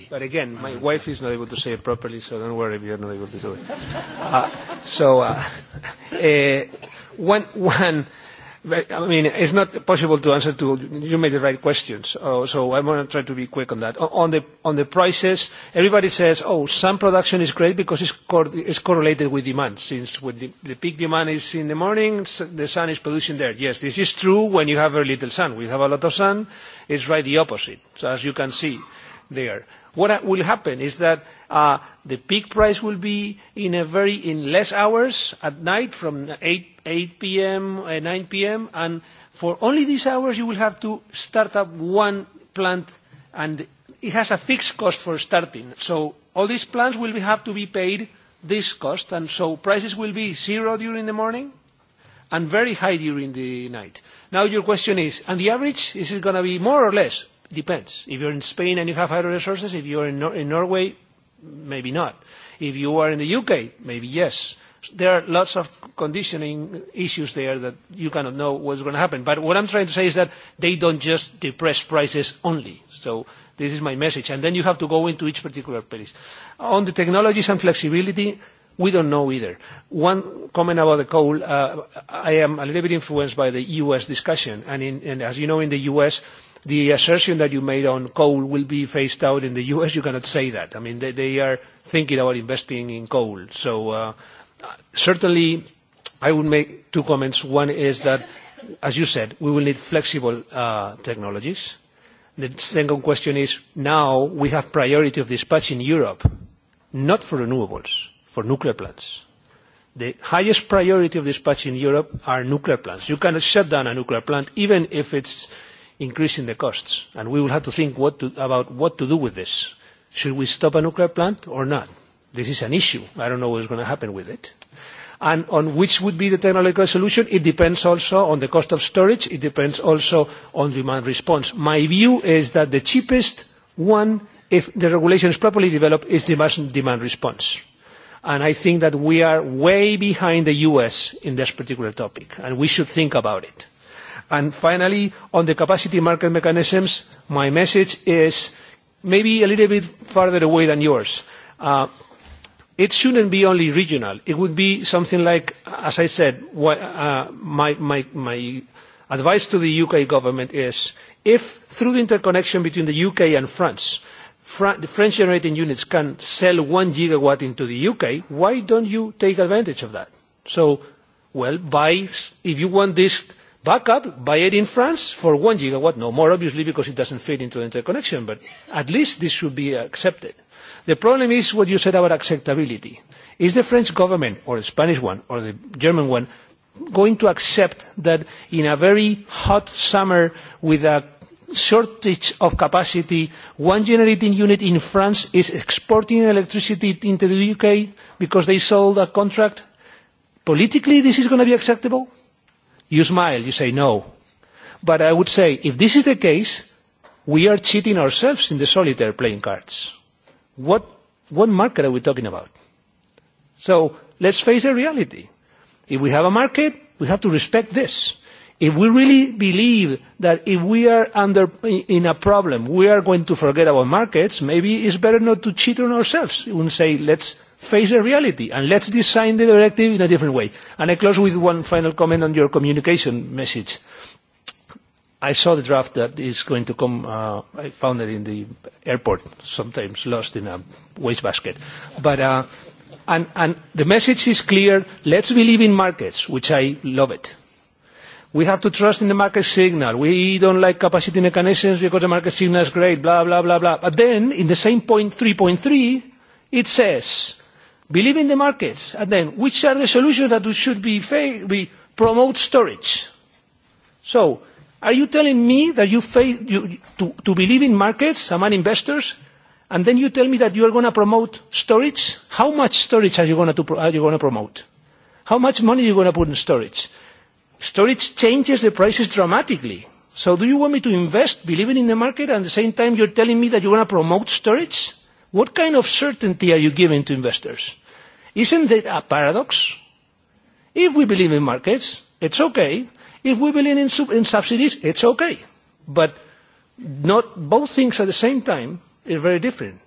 But again, my wife is not able to say it properly, so don't worry if you're not able to do it. Uh, so uh, uh, one, one I mean, it's not possible to answer to. You made the right questions, so I'm gonna try to be quick on that. On the on the prices, everybody says, "Oh, some production is great because it's correlated with demand, since when the peak demand is in the morning, the sun is producing there." Yes, this is true when you have very little sun. We have a lot of sun, it's right the opposite, so as you can see there What will happen is that uh, the peak price will be in a very in less hours at night from 8, 8 p.m. Uh, 9 p.m. and for only these hours you will have to start up one plant and it has a fixed cost for starting. So all these plants will have to be paid this cost and so prices will be zero during the morning and very high during the night. Now your question is, and the average, is it going to be more or less? depends. If you're in Spain and you have hydro resources, if you're in, Nor- in Norway, maybe not. If you are in the UK, maybe yes. There are lots of conditioning issues there that you cannot know what's going to happen. But what I'm trying to say is that they don't just depress prices only. So this is my message. And then you have to go into each particular place. On the technologies and flexibility, we don't know either. One comment about the coal, uh, I am a little bit influenced by the U.S. discussion. And, in, and as you know, in the U.S., the assertion that you made on coal will be phased out in the U.S., you cannot say that. I mean, they, they are thinking about investing in coal. So uh, certainly I would make two comments. One is that, as you said, we will need flexible uh, technologies. The second question is, now we have priority of dispatch in Europe, not for renewables, for nuclear plants. The highest priority of dispatch in Europe are nuclear plants. You cannot shut down a nuclear plant, even if it's increasing the costs. And we will have to think what to, about what to do with this. Should we stop a nuclear plant or not? This is an issue. I don't know what is going to happen with it. And on which would be the technological solution, it depends also on the cost of storage. It depends also on demand response. My view is that the cheapest one, if the regulation is properly developed, is demand response and I think that we are way behind the US in this particular topic, and we should think about it. And finally, on the capacity market mechanisms, my message is maybe a little bit farther away than yours. it shouldn't be only regional. It would be something like, as I said, uh, my, my, my advice to the UK government is if through the interconnection between the UK and France, the French generating units can sell one gigawatt into the UK, why don't you take advantage of that? So, well, buy, if you want this backup buy it in France for one gigawatt, no more obviously because it doesn't fit into the interconnection, but at least this should be accepted. The problem is what you said about acceptability. Is the French government, or the Spanish one, or the German one, going to accept that in a very hot summer with a shortage of capacity, one generating unit in France is exporting electricity into the UK because they sold a contract? Politically, this is going to be acceptable? You smile, you say no. But I would say, if this is the case, we are cheating ourselves in the solitaire playing cards. What, what market are we talking about? So let's face the reality. If we have a market, we have to respect this. If we really believe that if we are under in a problem, we are going to forget our markets, maybe it's better not to cheat on ourselves and say, let's face the reality and let's design the directive in a different way. And I close with one final comment on your communication message. I saw the draft that is going to come. Uh, I found it in the airport, sometimes lost in a wastebasket. But uh, and, and the message is clear. Let's believe in markets, which I love it. We have to trust in the market signal. We don't like capacity mechanisms because the market signal is great, blah, blah, blah, blah. But then, in the same point 3.3, it says Believe in the markets. And then, which are the solutions that should be, be promote storage? So, are you telling me that you, fail, you to, to believe in markets among investors, and then you tell me that you are going to promote storage? How much storage are you going to, are you going to promote? How much money are you going to put in storage? Storage changes the prices dramatically. So do you want me to invest, believing in the market, and at the same time you're telling me that you're going to promote storage? What kind of certainty are you giving to investors? Isn't that a paradox? If we believe in markets, it's okay. If we believe in, sub- in subsidies, it's okay. But not both things at the same time is very different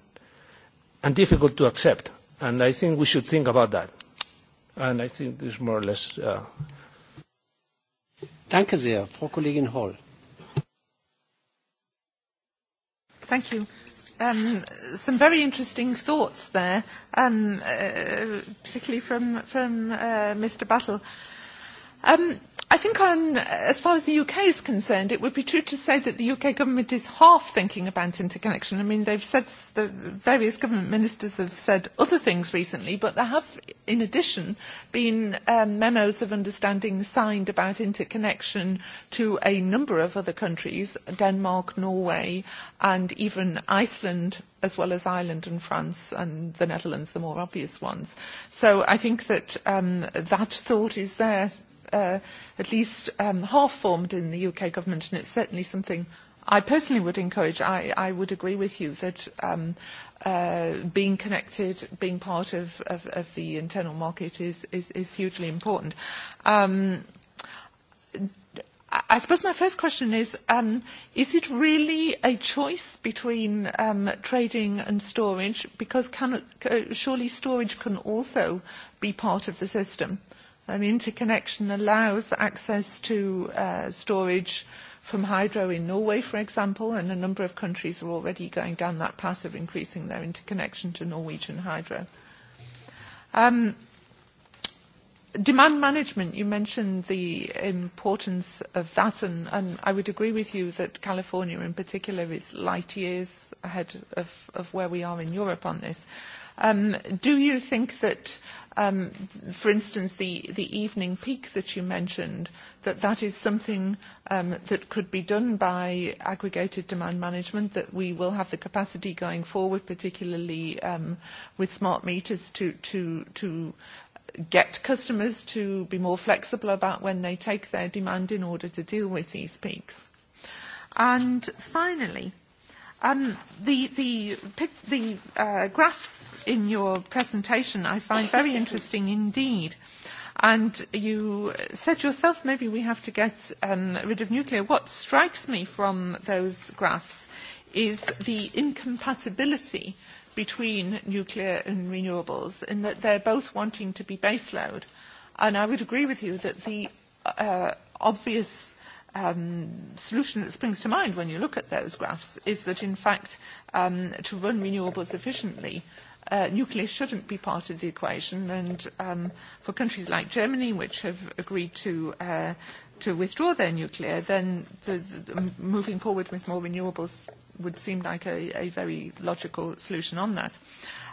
and difficult to accept. And I think we should think about that. And I think this is more or less. Uh, Danke sehr, Frau Kollegin Hall. Thank you um, some very interesting thoughts there, um, uh, particularly from, from uh, Mr. Battle. Um, I think on, as far as the UK is concerned, it would be true to say that the UK government is half thinking about interconnection. I mean, they've said, the various government ministers have said other things recently, but there have, in addition, been um, memos of understanding signed about interconnection to a number of other countries, Denmark, Norway, and even Iceland, as well as Ireland and France and the Netherlands, the more obvious ones. So I think that um, that thought is there uh, at least um, half formed in the UK government, and it's certainly something I personally would encourage. I, I would agree with you that um, uh, being connected, being part of, of, of the internal market is, is, is hugely important. Um, I suppose my first question is, um, is it really a choice between um, trading and storage? Because can, surely storage can also be part of the system. Uh, An interconnection allows access to uh, storage from hydro in Norway, for example, and a number of countries are already going down that path of increasing their interconnection to Norwegian hydro. Um, demand management, you mentioned the importance of that, and, and I would agree with you that California in particular is light years ahead of, of where we are in Europe on this. Uh, Um, do you think that, um, for instance, the, the evening peak that you mentioned, that that is something um, that could be done by aggregated demand management, that we will have the capacity going forward, particularly um, with smart meters, to, to, to get customers to be more flexible about when they take their demand in order to deal with these peaks? And finally, Um, the the, the uh, graphs in your presentation I find very interesting indeed. And you said yourself maybe we have to get um, rid of nuclear. What strikes me from those graphs is the incompatibility between nuclear and renewables in that they're both wanting to be baseload. And I would agree with you that the uh, obvious um, solution that springs to mind when you look at those graphs is that, in fact, um, to run renewables efficiently, uh, nuclear shouldn't be part of the equation. And um, for countries like Germany, which have agreed to uh, to withdraw their nuclear, then the, the, moving forward with more renewables would seem like a, a very logical solution on that.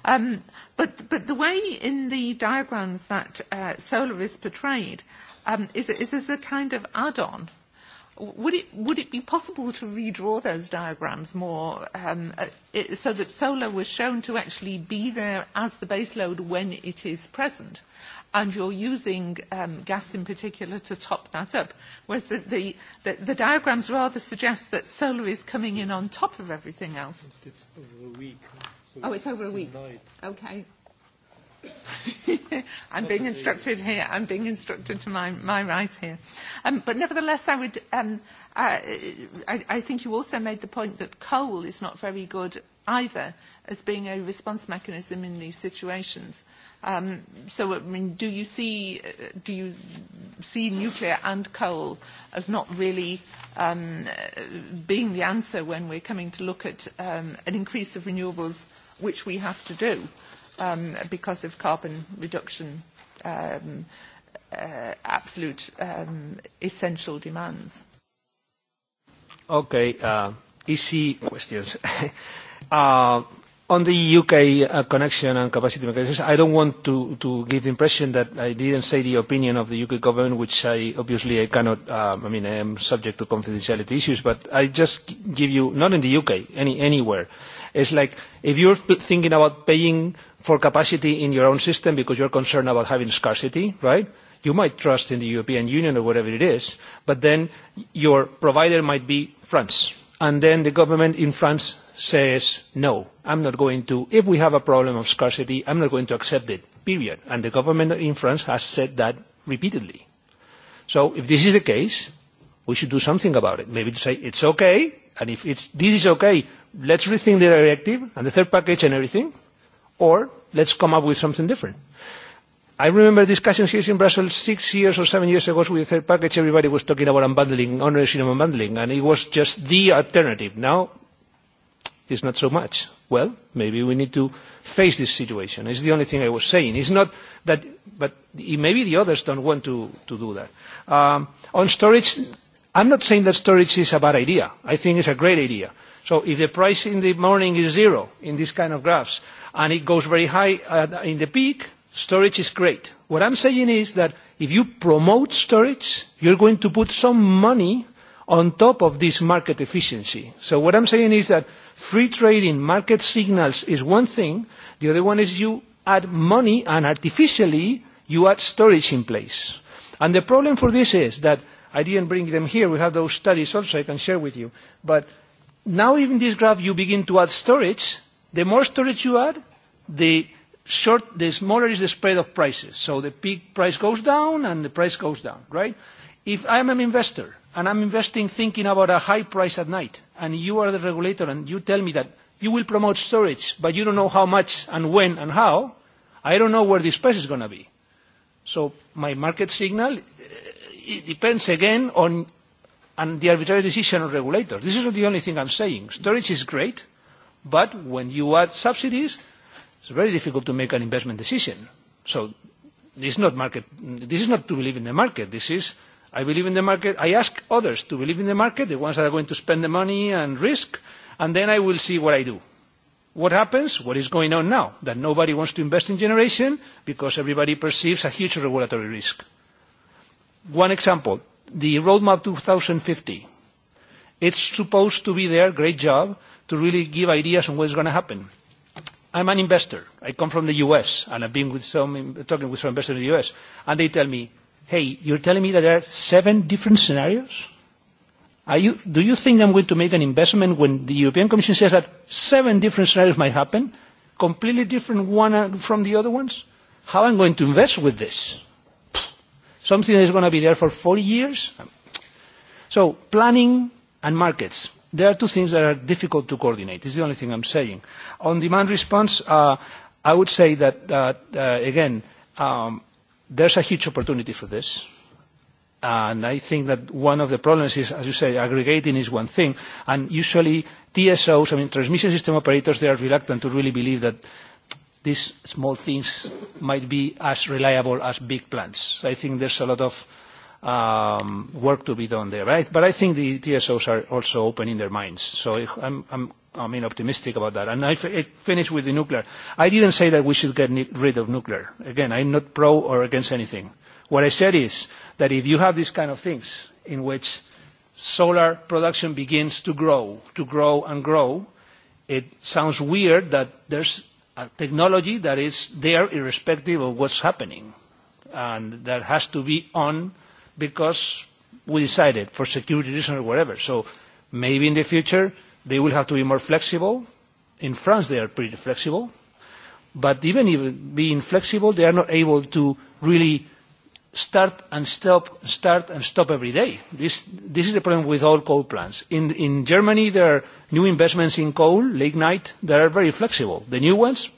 Um, but, but the way in the diagrams that uh, solar is portrayed um, is, is as a kind of add-on Would it, would it be possible to redraw those diagrams more um, uh it, so that solar was shown to actually be there as the baseload when it is present? And you're using um, gas in particular to top that up, whereas the, the, the, the diagrams rather suggest that solar is coming in on top of everything else. It's over a week. So oh, it's, it's over a week. Tonight. Okay. I'm being instructed here. I'm being instructed to my, my right here. Um, but nevertheless, I would. Um, uh, I, I think you also made the point that coal is not very good either as being a response mechanism in these situations. Um, so, I mean, do you see do you see nuclear and coal as not really um, being the answer when we're coming to look at um, an increase of renewables, which we have to do? um, because of carbon reduction um, uh, absolute um, essential demands. Okay, uh, easy questions. uh, on the UK uh, connection and capacity mechanisms, I don't want to, to give the impression that I didn't say the opinion of the UK government, which I obviously I cannot, um, I mean, I am subject to confidentiality issues, but I just give you, not in the UK, any, anywhere. It's like if you're thinking about paying for capacity in your own system because you're concerned about having scarcity, right? You might trust in the European Union or whatever it is, but then your provider might be France. And then the government in France says, no, I'm not going to, if we have a problem of scarcity, I'm not going to accept it, period. And the government in France has said that repeatedly. So if this is the case, we should do something about it. Maybe to say, it's okay, and if it's, this is okay, let's rethink the directive and the third package and everything, or let's come up with something different. I remember discussions here in Brussels six years or seven years ago with the package. Everybody was talking about unbundling, ownership of unbundling, and it was just the alternative. Now, it's not so much. Well, maybe we need to face this situation. It's the only thing I was saying. It's not that, but maybe the others don't want to, to do that. Um, on storage, I'm not saying that storage is a bad idea. I think it's a great idea So if the price in the morning is zero in this kind of graphs, and it goes very high in the peak, storage is great. What I'm saying is that if you promote storage, you're going to put some money on top of this market efficiency. So what I'm saying is that free trading market signals is one thing. The other one is you add money and artificially you add storage in place. And the problem for this is that I didn't bring them here. We have those studies also I can share with you. But Now in this graph you begin to add storage. The more storage you add, the short, the smaller is the spread of prices. So the peak price goes down and the price goes down, right? If I'm an investor and I'm investing thinking about a high price at night, and you are the regulator and you tell me that you will promote storage, but you don't know how much and when and how, I don't know where this price is going to be. So my market signal, it depends again on and the arbitrary decision of regulators. This is not the only thing I'm saying. Storage is great, but when you add subsidies, it's very difficult to make an investment decision. So this not market. This is not to believe in the market. This is I believe in the market. I ask others to believe in the market, the ones that are going to spend the money and risk, and then I will see what I do. What happens? What is going on now? That nobody wants to invest in generation because everybody perceives a huge regulatory risk. One example, the roadmap 2050. It's supposed to be there, great job, to really give ideas on what's going to happen. I'm an investor. I come from the U.S., and I've been with some, talking with some investors in the U.S., and they tell me, hey, you're telling me that there are seven different scenarios? Are you, do you think I'm going to make an investment when the European Commission says that seven different scenarios might happen, completely different one from the other ones? How am I going to invest with this? something that is going to be there for 40 years. So planning and markets. There are two things that are difficult to coordinate. It's the only thing I'm saying. On demand response, uh, I would say that, that uh, again, um, there's a huge opportunity for this. And I think that one of the problems is, as you say, aggregating is one thing. And usually TSOs, I mean, transmission system operators, they are reluctant to really believe that these small things might be as reliable as big plants. I think there's a lot of um, work to be done there. Right? But I think the TSOs are also opening their minds. So I'm, I'm I mean, optimistic about that. And I finish with the nuclear. I didn't say that we should get rid of nuclear. Again, I'm not pro or against anything. What I said is that if you have these kind of things in which solar production begins to grow, to grow and grow, it sounds weird that there's a technology that is there irrespective of what's happening and that has to be on because we decided for security reasons or whatever. So maybe in the future they will have to be more flexible. In France they are pretty flexible. But even, even being flexible, they are not able to really start and stop, start and stop every day. This, this is the problem with all coal plants. In, in Germany, there are new investments in coal, lignite, that are very flexible. The new ones,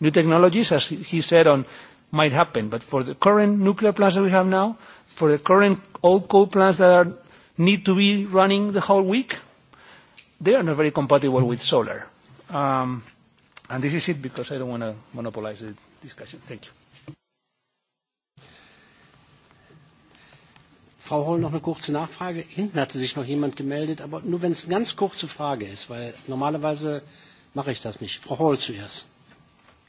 new technologies, as he said, on might happen. But for the current nuclear plants that we have now, for the current old coal plants that are, need to be running the whole week, they are not very compatible with solar. Um, and this is it because I don't want to monopolize the discussion. Thank you. Frau Holl, noch eine kurze Nachfrage. Hinten hatte sich noch jemand gemeldet, aber nur wenn es eine ganz kurze Frage ist, weil normalerweise mache ich das nicht. Frau Holl zuerst.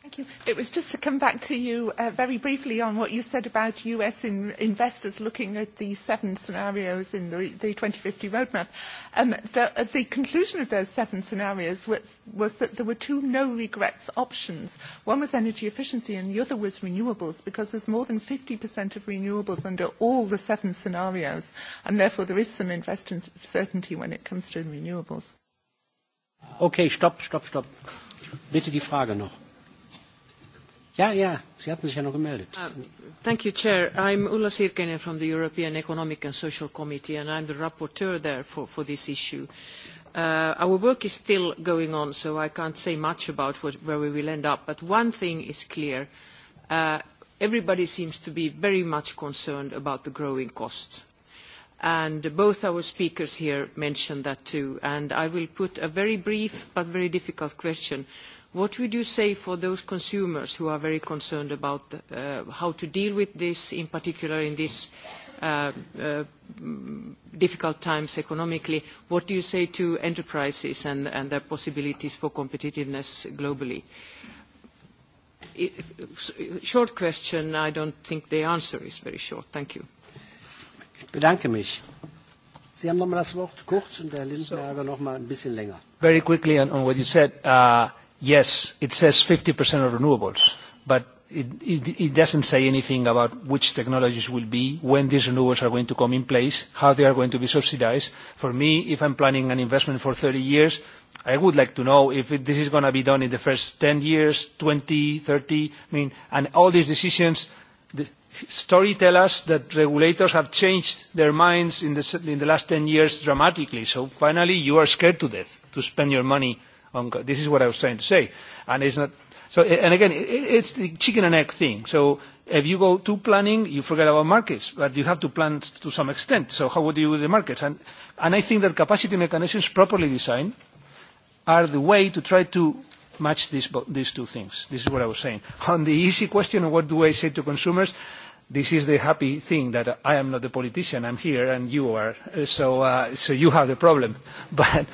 Thank you. It was just to come back to you uh, very briefly on what you said about US in investors looking at the seven scenarios in the, the 2050 roadmap. Um, the, the conclusion of those seven scenarios was, was that there were two no regrets options. One was energy efficiency and the other was renewables because there's more than 50% of renewables under all the seven scenarios and therefore there is some investment certainty when it comes to renewables. Okay, stop, stop, stop. Bitte die Frage noch. Yeah, yeah. Sie hatten sich ja noch gemeldet. thank you, Chair. I'm Ulla Sirkenen from the European Economic and Social Committee, and I'm the rapporteur there for, for this issue. Uh, our work is still going on, so I can't say much about what, where we will end up. But one thing is clear. Uh, everybody seems to be very much concerned about the growing cost. And both our speakers here mentioned that too. And I will put a very brief but very difficult question What would you say for those consumers who are very concerned about how to deal with this, in particular in these difficult times economically? What do you say to enterprises and their possibilities for competitiveness globally? Short question. I don't think the answer is very short. Thank you. Bedanke mich. Sie haben nochmal das Wort kurz und Herr Lindner noch ein bisschen länger. Very quickly on what you said yes, it says 50% of renewables, but it, it, it doesn't say anything about which technologies will be, when these renewables are going to come in place, how they are going to be subsidized. For me, if I'm planning an investment for 30 years, I would like to know if it, this is going to be done in the first 10 years, 20, 30. I mean, and all these decisions, the story tell us that regulators have changed their minds in the, in the last 10 years dramatically. So finally, you are scared to death to spend your money on This is what I was trying to say. And it's not, so, and again, it's the chicken and egg thing. So if you go to planning, you forget about markets, but you have to plan to some extent. So how would you do the markets? And, and I think that capacity mechanisms properly designed are the way to try to match these, these two things. This is what I was saying. On the easy question of what do I say to consumers, this is the happy thing that I am not a politician. I'm here and you are. So, uh, so you have the problem. But,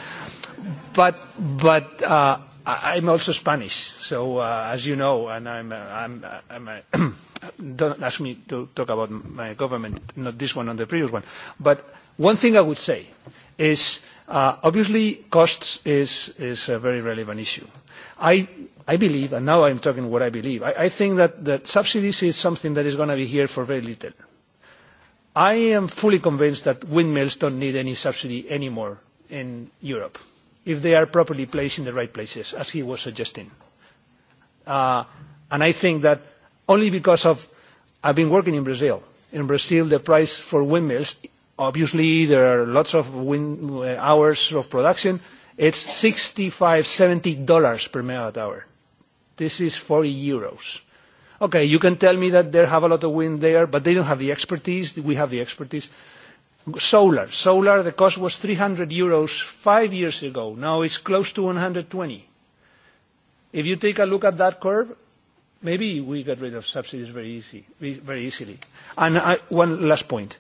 But but uh, I'm also Spanish, so uh, as you know, and I'm uh, I'm uh, I'm. A don't ask me to talk about my government, not this one, on the previous one. But one thing I would say is uh, obviously costs is, is a very relevant issue. I, I believe, and now I'm talking what I believe, I, I think that, that subsidies is something that is going to be here for very little. I am fully convinced that windmills don't need any subsidy anymore in Europe if they are properly placed in the right places, as he was suggesting. Uh, and I think that only because of I've been working in Brazil. In Brazil, the price for windmills, obviously there are lots of wind hours of production. It's 65, 70 dollars per megawatt hour. This is 40 euros. Okay, you can tell me that they have a lot of wind there, but they don't have the expertise. We have the expertise solar. Solar, the cost was 300 euros five years ago. Now it's close to 120. If you take a look at that curve, maybe we get rid of subsidies very easy, very easily. And I One last point.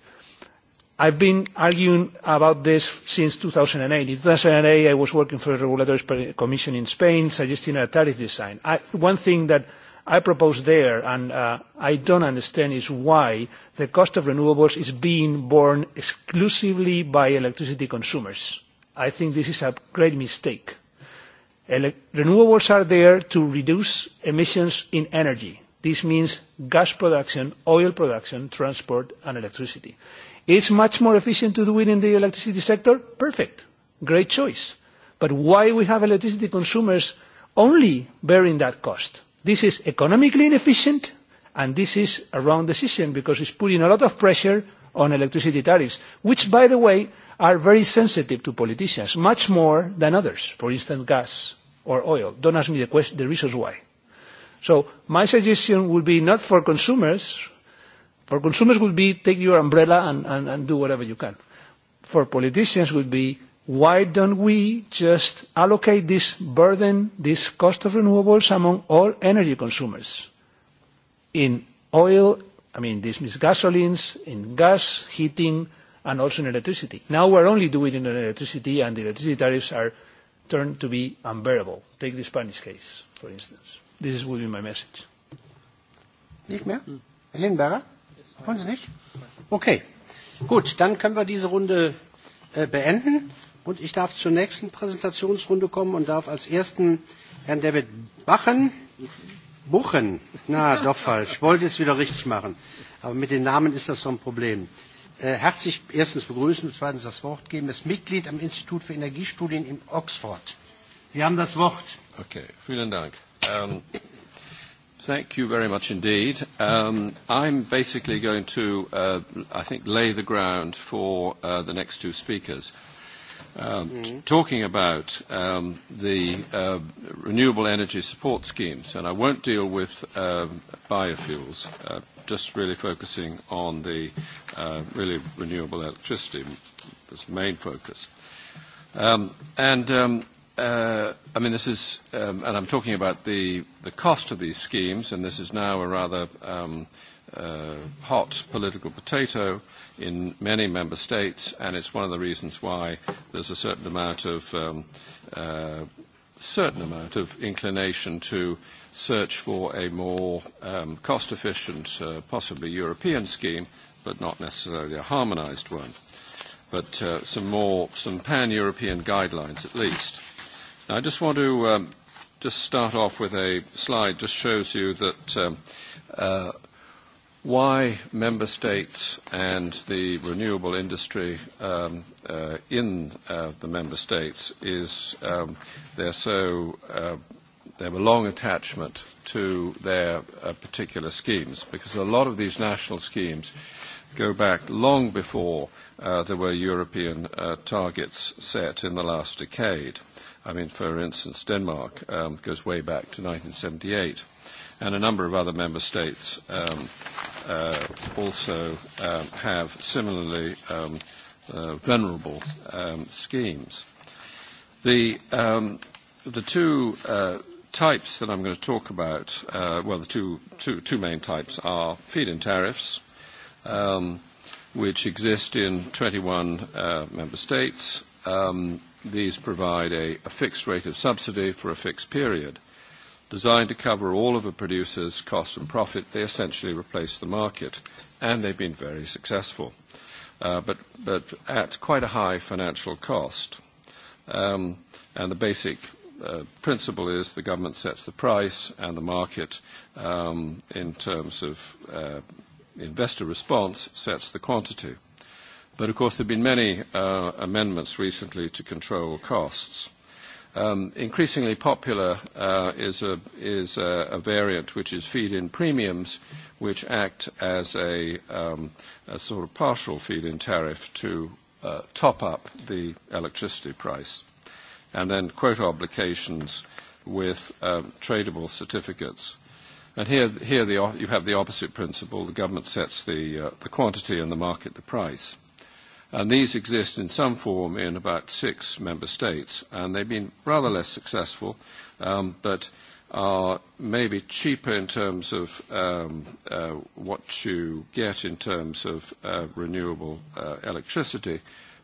I've been arguing about this since 2008. In 2008, I was working for the Regulatory Commission in Spain, suggesting a tariff design. One thing that I propose there, and uh, I don't understand, is why the cost of renewables is being borne exclusively by electricity consumers. I think this is a great mistake. Ele renewables are there to reduce emissions in energy. This means gas production, oil production, transport, and electricity. Is much more efficient to do it in the electricity sector? Perfect. Great choice. But why we have electricity consumers only bearing that cost? This is economically inefficient, and this is a wrong decision because it's putting a lot of pressure on electricity tariffs, which, by the way, are very sensitive to politicians, much more than others, for instance, gas or oil. Don't ask me the, question, the reasons why. So my suggestion would be not for consumers. For consumers would be take your umbrella and, and, and do whatever you can. For politicians would be why don't we just allocate this burden, this cost of renewables among all energy consumers? In oil, I mean, this means gasolines, in gas, heating, and also in electricity. Now we're only doing it in electricity, and the electricity tariffs are turned to be unbearable. Take the Spanish case, for instance. This will be my message. Nicht mehr? Lindberger? Wollen Sie nicht? Okay. Gut, dann können wir diese Runde beenden. Und ich darf zur nächsten Präsentationsrunde kommen und darf als ersten Herrn David Bachen, Buchen, na doch falsch, ich wollte es wieder richtig machen, aber mit den Namen ist das so ein Problem. Herzlich erstens begrüßen und zweitens das Wort geben. Das Mitglied am Institut für Energiestudien in Oxford. Sie haben das Wort. Okay, vielen Dank. Um, Thank you very much indeed. Um, I'm basically going to, uh, I think, lay the ground for uh, the next two speakers talking about um, the uh, renewable energy support schemes, and I won't deal with uh, biofuels, uh, just really focusing on the uh, really renewable electricity as the main focus. Um, and um, uh, I mean, this is, um, and I'm talking about the, the cost of these schemes, and this is now a rather um, uh, hot political potato in many member states, and it's one of the reasons why there's a certain amount of um, uh, certain amount of inclination to search for a more um, cost-efficient, uh, possibly European scheme, but not necessarily a harmonised one. But uh, some more, some pan-European guidelines at least. Now, I just want to um, just start off with a slide just shows you that. Um, uh, why member states and the renewable industry um, uh, in uh, the member states is um, they're so uh, they have a long attachment to their uh, particular schemes because a lot of these national schemes go back long before uh, there were European uh, targets set in the last decade. I mean, for instance, Denmark um, goes way back to 1978, and a number of other member states um, uh, also um, have similarly um, uh, venerable um, schemes. The, um, the two uh, types that I'm going to talk about, uh, well, the two, two, two main types are feed-in tariffs, um, which exist in 21 uh, member states. Um, these provide a, a fixed rate of subsidy for a fixed period. Uh, Designed to cover all of a producer's cost and profit, they essentially replace the market, and they've been very successful, uh, but, but at quite a high financial cost. Um, and the basic uh, principle is the government sets the price and the market um, in terms of uh, investor response sets the quantity. But of course there have been many uh, amendments recently to control costs. Um, increasingly popular is, a, variant which is feed-in premiums, which act as a, sort of partial feed-in tariff to top up the electricity price. And then quota obligations with tradable certificates. And here, here you have the opposite principle. The government sets the quantity and the market the price. And these exist in some form in about six member states, and they've been rather less successful, um, but are maybe cheaper in terms of um, uh, what you get in terms of uh, renewable uh, electricity,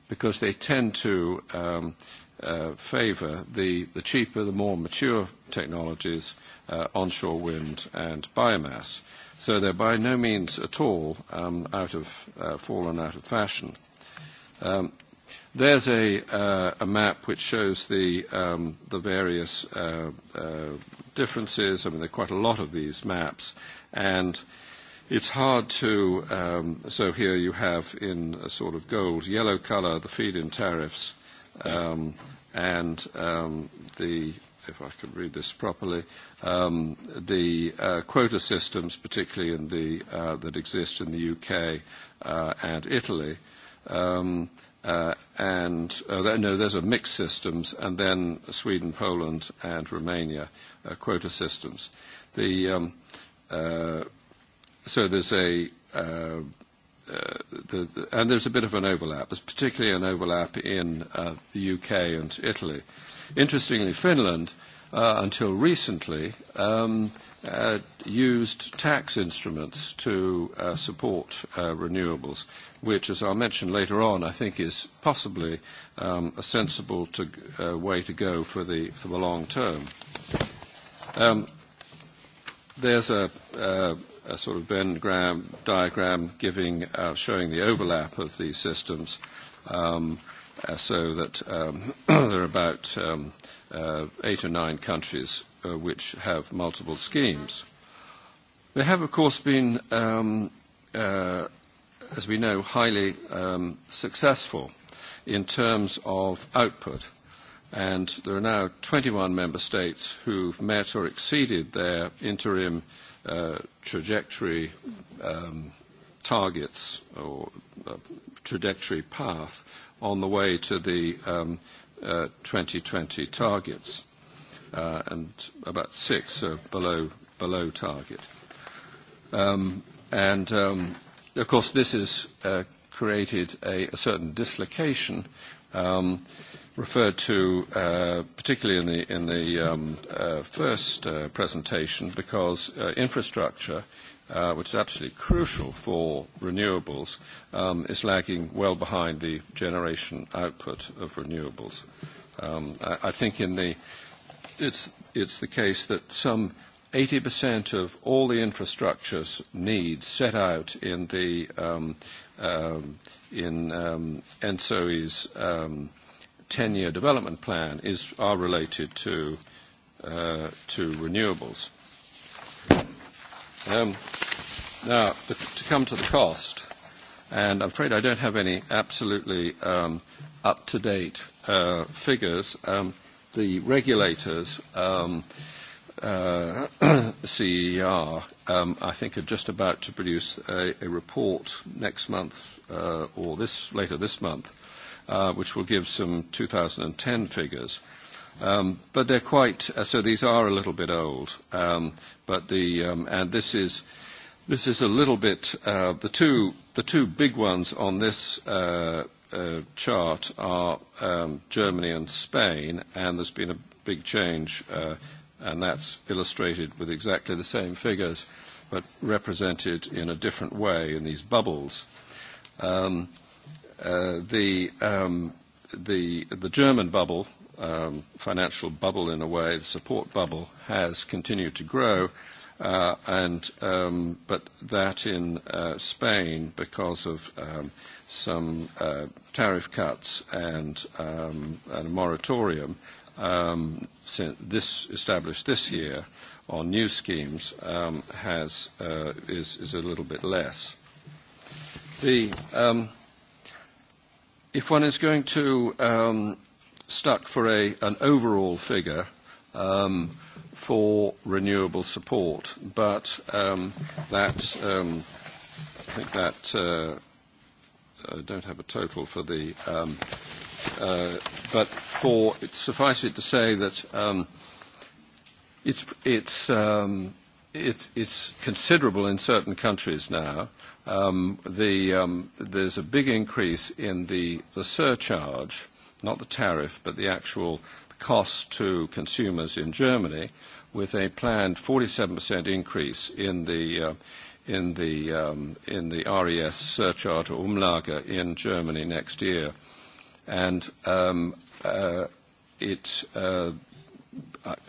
because they tend to um, uh, favour the, the cheaper, the more mature technologies, uh, onshore wind and biomass. So they're by no means at all um, out of, uh, fallen out of fashion. Um, there's a, uh, a map which shows the, um, the various uh, uh, differences. I mean, there are quite a lot of these maps. And it's hard to, um, so here you have in a sort of gold yellow color the feed-in tariffs um, and um, the if I could read this properly, um, the uh, quota systems, particularly in the, uh, that exist in the UK uh, and Italy, Um, uh, and uh, no, those are mixed systems, and then Sweden, Poland, and Romania uh, quota systems. The, um, uh, so there's a uh, uh the, and there's a bit of an overlap. There's particularly an overlap in uh, the UK and Italy. Interestingly, Finland, uh, until recently, um, uh, used tax instruments to uh, support uh, renewables, which, as I'll mention later on, I think is possibly um, a sensible to, uh, way to go for the, for the long term. Um, there's a, uh, a sort of Venn diagram, diagram giving, uh, showing the overlap of these systems um, uh, so that um, there are about um, uh, eight or nine countries uh, which have multiple schemes. They have, of course, been, um, uh, as we know, highly um, successful in terms of output. And there are now 21 member states who've met or exceeded their interim uh, trajectory um, targets or uh, trajectory path on the way to the um, uh, 2020 targets uh, and about six are below, below target. Um, and um, of course, this has uh, created a, a certain dislocation um, referred to uh, particularly in the, in the um, uh, first uh, presentation because uh, infrastructure uh, which is absolutely crucial for renewables, um, is lagging well behind the generation output of renewables. Um, I, I think in the it's, it's the case that some 80% of all the infrastructure's needs set out in the um, um, in um, ENSOE's um, 10-year development plan is are related to uh, to renewables. Um, now, to come to the cost, and I'm afraid I don't have any absolutely um, up-to-date uh, figures. Um, the regulators, um, uh, CER, um, I think are just about to produce a, a report next month uh, or this later this month, uh, which will give some 2010 figures. Um, but they're quite uh, so. These are a little bit old, um, but the um, and this is this is a little bit uh, the two the two big ones on this. Uh, chart are um, Germany and Spain, and there's been a big change, uh, and that's illustrated with exactly the same figures, but represented in a different way in these bubbles. Um, uh, the, um, the, the German bubble, um, financial bubble in a way, the support bubble, has continued to grow uh, and um, but that in uh, Spain because of um, some uh, tariff cuts and, um, and a moratorium um, this established this year on new schemes um, has uh, is is a little bit less. The um, if one is going to um, stuck for a an overall figure. Um, for renewable support, but um, that um, I think that uh, I don't have a total for the. Um, uh, but for it suffice it to say that um, it's it's um, it's it's considerable in certain countries now. Um, the um, there's a big increase in the the surcharge, not the tariff, but the actual cost to consumers in Germany with a planned 47% increase in the uh, in the um, in the RES surcharge or Umlage in Germany next year, and um, uh, it uh,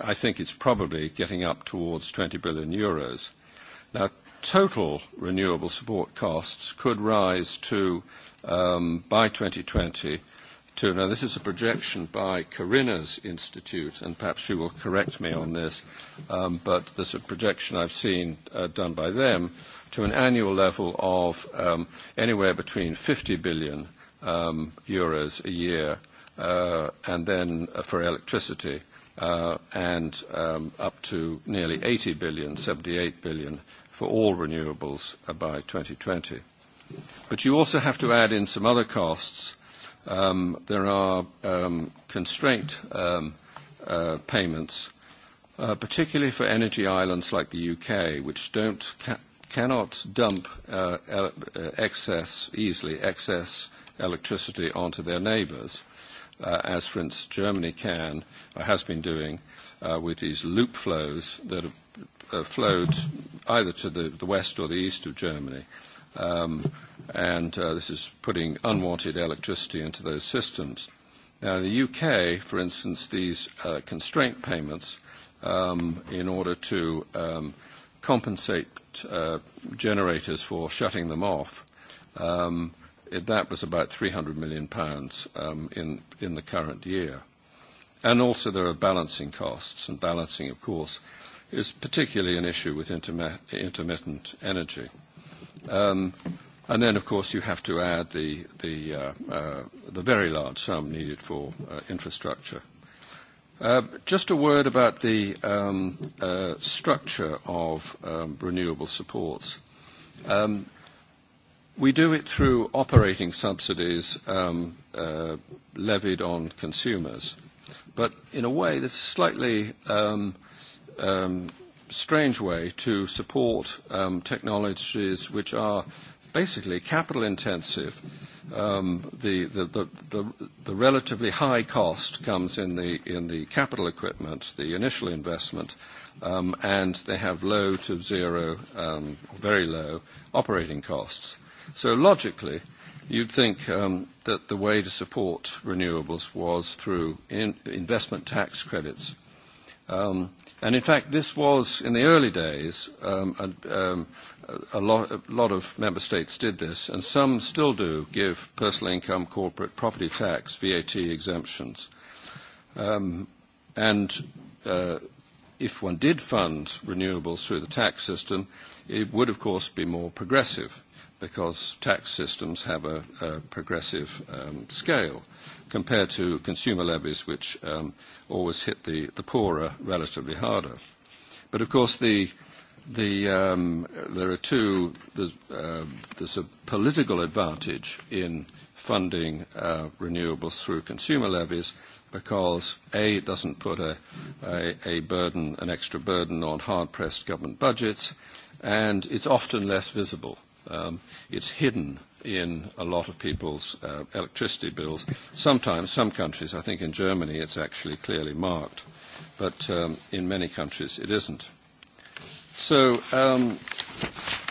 I think it's probably getting up towards 20 billion euros. Now, total renewable support costs could rise to um, by 2020 to, now this is a projection by Corinna's Institute, and perhaps she will correct me on this, um, but there's a projection I've seen uh, done by them to an annual level of um, anywhere between 50 billion um, euros a year uh, and then uh, for electricity uh, and um, up to nearly 80 billion, 78 billion for all renewables by 2020. But you also have to add in some other costs um, there are um, constraint um, uh, payments, uh, particularly for energy islands like the UK, which don't ca- cannot dump uh, el- uh, excess easily excess electricity onto their neighbours, uh, as for instance Germany can or has been doing uh, with these loop flows that have uh, flowed either to the, the west or the east of Germany. Um, and uh, this is putting unwanted electricity into those systems. Now, in the UK, for instance, these uh, constraint payments, um, in order to um, compensate uh, generators for shutting them off, um, it, that was about £300 million pounds um, in in the current year. And also, there are balancing costs, and balancing, of course, is particularly an issue with intermittent energy. Um, And then, of course, you have to add the, the, uh, uh, the very large sum needed for uh, infrastructure. Uh, just a word about the um, uh, structure of um, renewable supports. Um, we do it through operating subsidies um, uh, levied on consumers. But in a way, this is slightly um, um, strange way to support um, technologies which are basically capital intensive. Um, the, the, the, the, the relatively high cost comes in the, in the capital equipment, the initial investment, um, and they have low to zero, um, very low operating costs. So logically, you'd think um, that the way to support renewables was through in, investment tax credits. Um, and in fact, this was in the early days um, a, um, a, lot, a lot of member states did this, and some still do give personal income, corporate property tax, VAT exemptions. Um, and uh, if one did fund renewables through the tax system, it would, of course, be more progressive because tax systems have a, a progressive um, scale compared to consumer levies, which um, always hit the, the poorer relatively harder. But, of course, the the, um, there are two. There's, uh, there's a political advantage in funding uh, renewables through consumer levies because a it doesn't put a, a burden, an extra burden on hard-pressed government budgets, and it's often less visible. Um, it's hidden in a lot of people's uh, electricity bills. Sometimes, some countries, I think in Germany, it's actually clearly marked, but um, in many countries it isn't. So, um,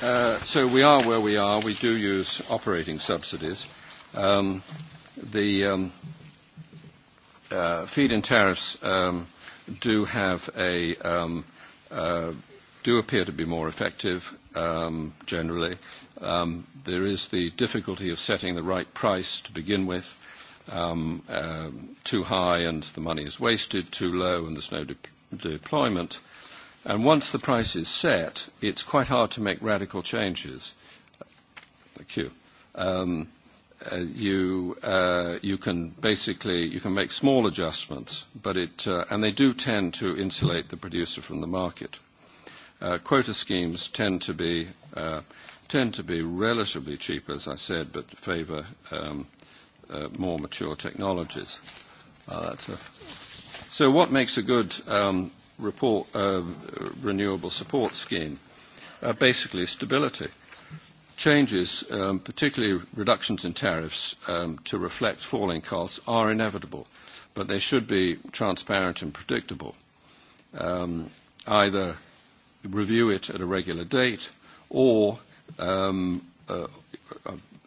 uh, so we are where we are. We do use operating subsidies. Um, the um, uh, feed-in tariffs um, do have a um, uh, do appear to be more effective um, generally. Um, there is the difficulty of setting the right price to begin with. Um, uh, too high and the money is wasted. Too low and there's no de- deployment And once the price is set, it's quite hard to make radical changes. Thank you. Um, uh, you uh, you can basically you can make small adjustments, but it uh, and they do tend to insulate the producer from the market. Uh, quota schemes tend to be uh, tend to be relatively cheap, as I said, but favour um, uh, more mature technologies. Uh, that's a, so, what makes a good um, report, uh, renewable support scheme, uh, basically stability. Changes, um, particularly reductions in tariffs um, to reflect falling costs, are inevitable, but they should be transparent and predictable. Um, either review it at a regular date or, um, uh,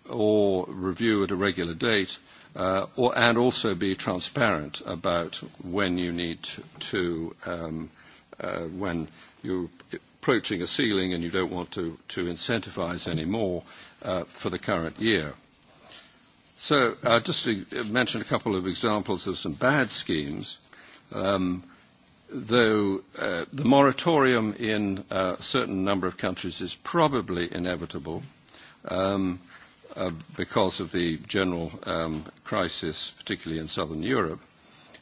or review at a regular date uh, or, and also be transparent about when you need to, um, uh, when you're approaching a ceiling and you don't want to, to incentivize any more uh, for the current year. So uh, just to mention a couple of examples of some bad schemes, um, though uh, the moratorium in a certain number of countries is probably inevitable, um, – because of the general um, crisis, particularly in southern Europe.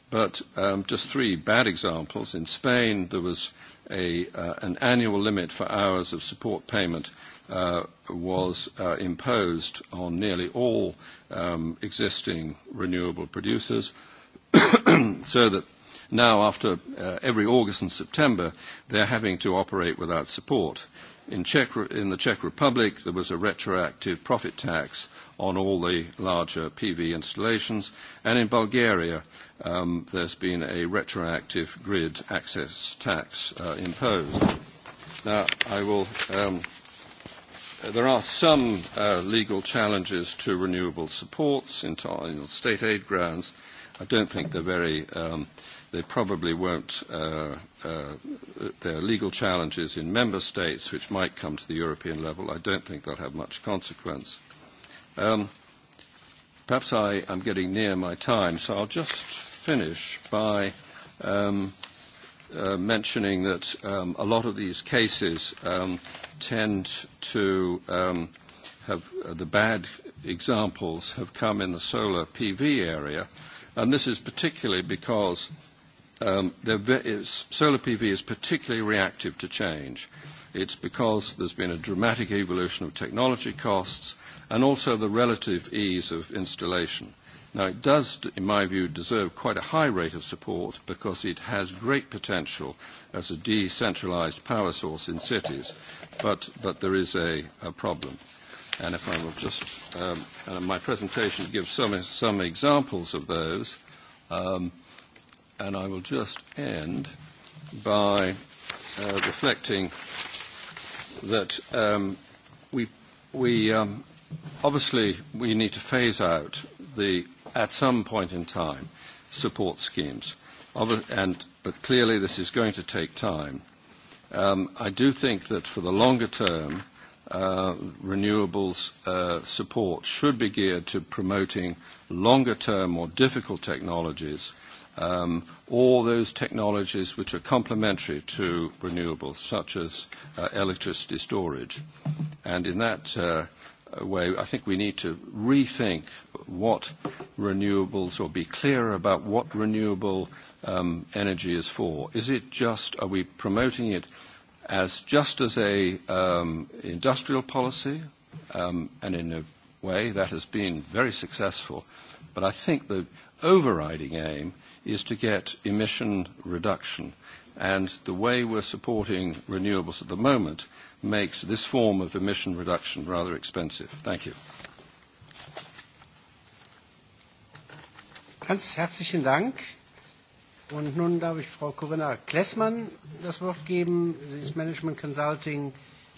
But um, just three bad examples. In Spain, there was a, uh, an annual limit for hours of support payment uh, was uh, imposed on nearly all um, existing renewable producers, so that now after uh, every August and September, they're having to operate without support. In, Czech, in the Czech Republic, there was a retroactive profit tax on all the larger PV installations, and in Bulgaria, there's been a retroactive grid access tax imposed. Now, I will. Um, there are some uh, legal challenges to renewable supports in, state aid grounds. I don't think they're very um, They probably won't. Uh, uh, there are legal challenges in member states which might come to the European level. I don't think they'll have much consequence. Um, perhaps I am getting near my time, so I'll just finish by um, uh, mentioning that um, a lot of these cases um, tend to um, have uh, the bad examples have come in the solar PV area, and this is particularly because um, solar PV is particularly reactive to change. It's because there's been a dramatic evolution of technology costs and also the relative ease of installation. Now, it does, in my view, deserve quite a high rate of support because it has great potential as a decentralized power source in cities, but, but there is a, a problem. And if I will just, um, and my presentation gives some, some examples of those. Um, and I will just end by uh, reflecting that um, we, we um, obviously we need to phase out the at some point in time support schemes, and but clearly this is going to take time. Um, I do think that for the longer term, uh, renewables uh, support should be geared to promoting longer term, more difficult technologies um, all those technologies which are complementary to renewables, such as uh, electricity storage. And in that uh, way, I think we need to rethink what renewables, or be clear about what renewable um, energy is for. Is it just, are we promoting it as just as a um, industrial policy? Um, and in a way, that has been very successful. But I think the overriding aim is to get emission reduction. And the way we're supporting renewables at the moment makes this form of emission reduction rather expensive. Thank you. Ganz herzlichen Dank. Und nun darf ich Frau Corinna Klessmann das Wort geben. Sie ist Management Consulting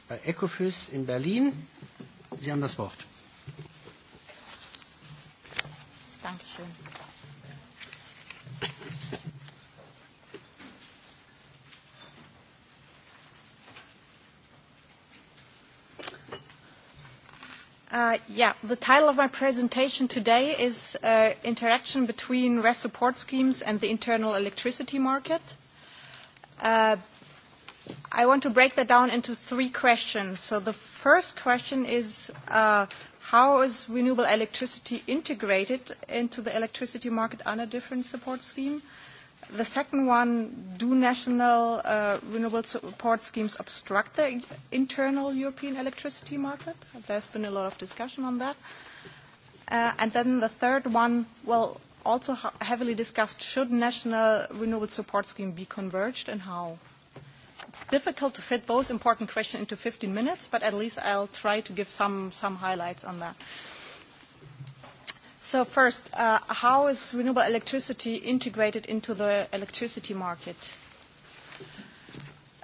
bei Ecofys in Berlin. Sie haben das Wort. Dankeschön. Uh, yeah, the title of my presentation today is uh, Interaction between REST Support Schemes and the Internal Electricity Market. Uh, I want to break that down into three questions. So the first question is uh, how is renewable electricity integrated into the electricity market under different support scheme? The second one, do national uh, renewable support schemes obstruct the internal European electricity market? There's been a lot of discussion on that. Uh, and then the third one, well, also heavily discussed, should national renewable support scheme be converged and how? It's difficult to fit those important questions into 15 minutes, but at least I'll try to give some, some highlights on that. Uh, So first, uh, how is renewable electricity integrated into the electricity market?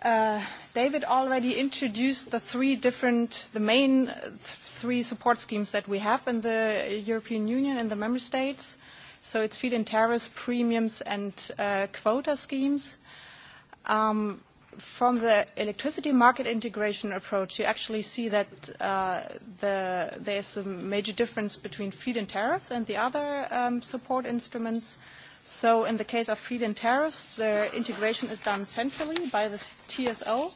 Uh, David already introduced the three different, the main th three support schemes that we have in the European Union and the member states. So it's feed-in tariffs, premiums, and uh, quota schemes. Um, from the electricity market integration approach, you actually see that uh, the, there's a major difference between feed-in tariffs and the other um, support instruments. So in the case of feed-in tariffs, the integration is done centrally by the TSO.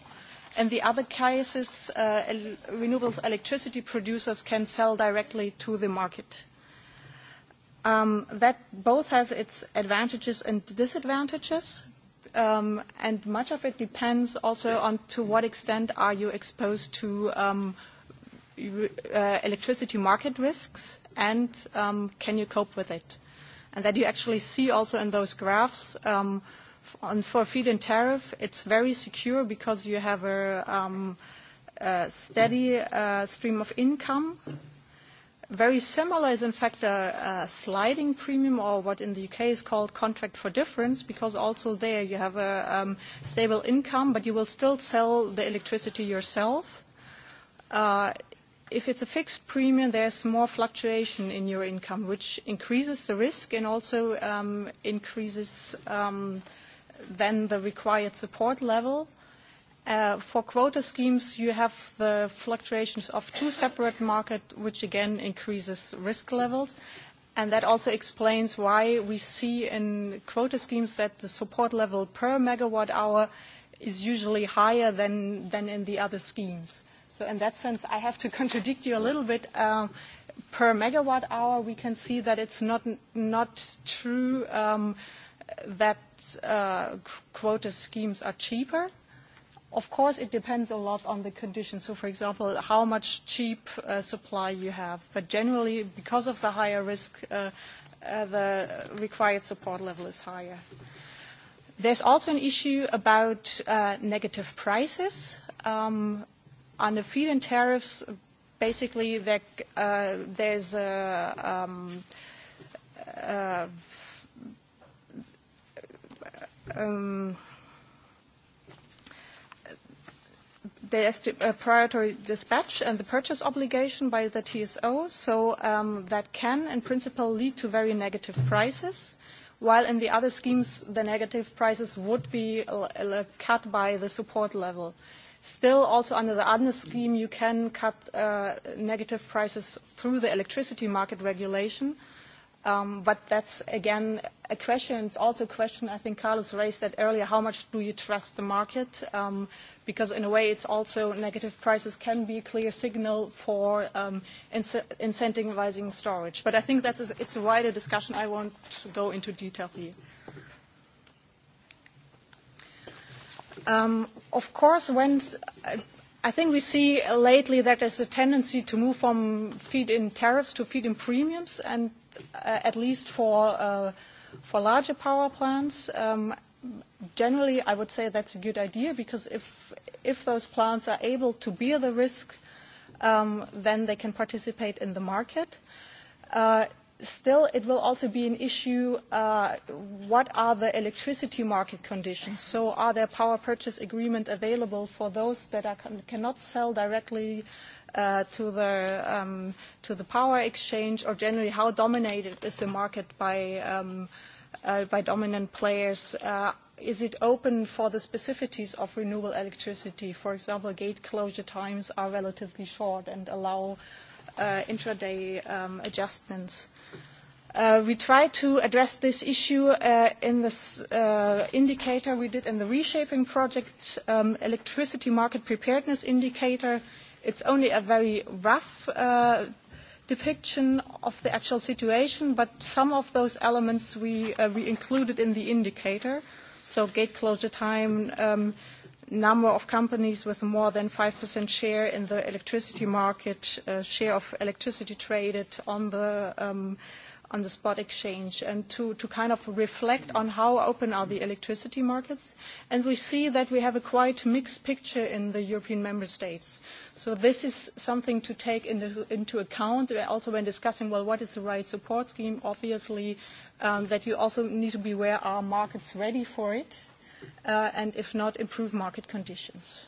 In the other cases, uh, el renewables electricity producers can sell directly to the market. Um, that both has its advantages and disadvantages um, and much of it depends also on to what extent are you exposed to um, uh, electricity market risks and um, can you cope with it. And that you actually see also in those graphs um, on for feed-in tariff, it's very secure because you have a, um, a steady uh, stream of income Very similar is, in fact, a, sliding premium, or what in the UK is called contract for difference, because also there you have a stable income, but you will still sell the electricity yourself. if it's a fixed premium, there's more fluctuation in your income, which increases the risk and also um, increases then the required support level. For quota schemes, you have the fluctuations of two separate markets, which again increases risk levels. and That also explains why we see in quota schemes that the support level per megawatt hour is usually higher than in the other schemes. So In that sense, I have to contradict you a little bit. Per megawatt hour, we can see that it's not true that quota schemes are cheaper Of course, it depends a lot on the conditions. So, for example, how much cheap uh, supply you have. But generally, because of the higher risk, uh, uh, the required support level is higher. There's also an issue about uh, negative prices. Um, on the feed-in tariffs, basically, there, uh, there's a... Um, uh, um, the priority dispatch and the purchase obligation by the TSO, so that can, in principle, lead to very negative prices, while in the other schemes, the negative prices would be cut by the support level. Still, also under the ADNIS scheme, you can cut negative prices through the electricity market regulation, Um, but that's, again, a question. It's also a question, I think Carlos raised that earlier, how much do you trust the market? Um, because in a way it's also negative prices can be a clear signal for um, incentivizing storage. But I think that's a, it's a wider discussion. I won't go into detail here. Um, of course, when I think we see lately that there's a tendency to move from feed-in tariffs to feed-in premiums, and at least for larger power plants. Generally, I would say that's a good idea because if those plants are able to bear the risk, then they can participate in the market still, it will also be an issue uh, what are the electricity market conditions. So are there power purchase agreements available for those that are, cannot sell directly uh, to, the, um, to the power exchange or generally how dominated is the market by, um, uh, by dominant players? Uh, is it open for the specificities of renewable electricity? For example, gate closure times are relatively short and allow uh, intraday um, adjustments we tried to address this issue in this indicator we did in the reshaping project, um electricity market preparedness indicator. It's only a very rough uh depiction of the actual situation, but some of those elements we, uh we included in the indicator. So gate closure time, um number of companies with more than 5% share in the electricity market, uh share of electricity traded on the um on the spot exchange and to, to kind of reflect on how open are the electricity markets. And we see that we have a quite mixed picture in the European member states. So this is something to take into, into account also when discussing, well, what is the right support scheme? Obviously, um, that you also need to be aware are markets ready for it? Uh, and if not, improve market conditions.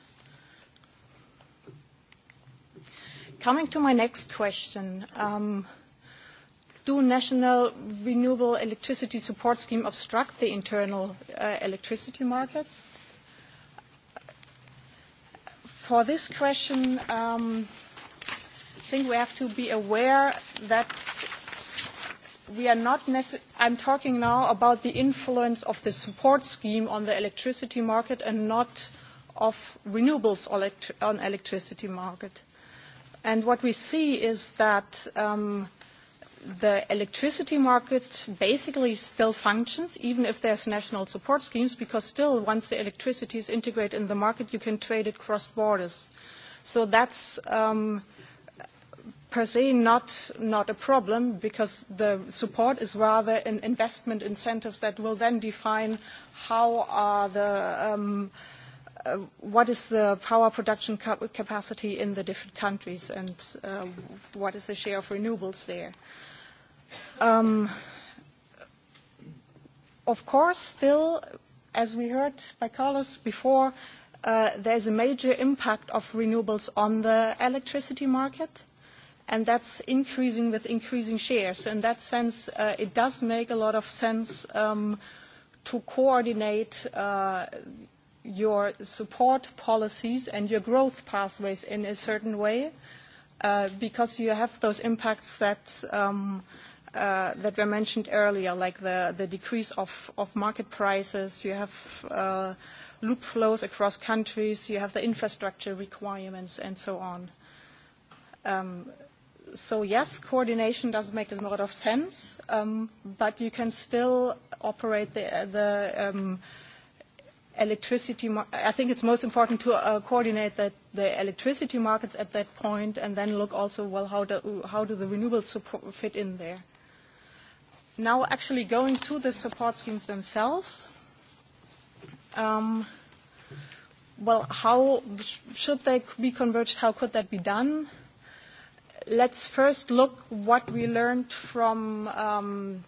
Coming to my next question, um, do national renewable electricity support scheme obstruct the internal uh, electricity market? For this question, um, I think we have to be aware that we are not necessarily, I'm talking now about the influence of the support scheme on the electricity market and not of renewables on electricity market. And what we see is that um, the electricity market basically still functions, even if there's national support schemes, because still once the electricity is integrated in the market, you can trade it cross borders. So that's um, per se not, not a problem, because the support is rather an investment incentives that will then define how are the um, uh, what is the power production capacity in the different countries and uh, what is the share of renewables there. Um, of course, still, as we heard by Carlos before, uh, there's a major impact of renewables on the electricity market, and that's increasing with increasing shares. So in that sense, uh, it does make a lot of sense um, to coordinate uh, your support policies and your growth pathways in a certain way, uh, because you have those impacts that um, – that were mentioned earlier, like the decrease of market prices. You have loop flows across countries. You have the infrastructure requirements and so on. So yes, coordination does make a lot of sense, but you can still operate the electricity. market I think it's most important to coordinate the electricity markets at that point and then look also, well, how do the renewables fit in there? now actually going to the support schemes themselves, um, well, how should they be converged? How could that be done? Let's first look what we learned from um,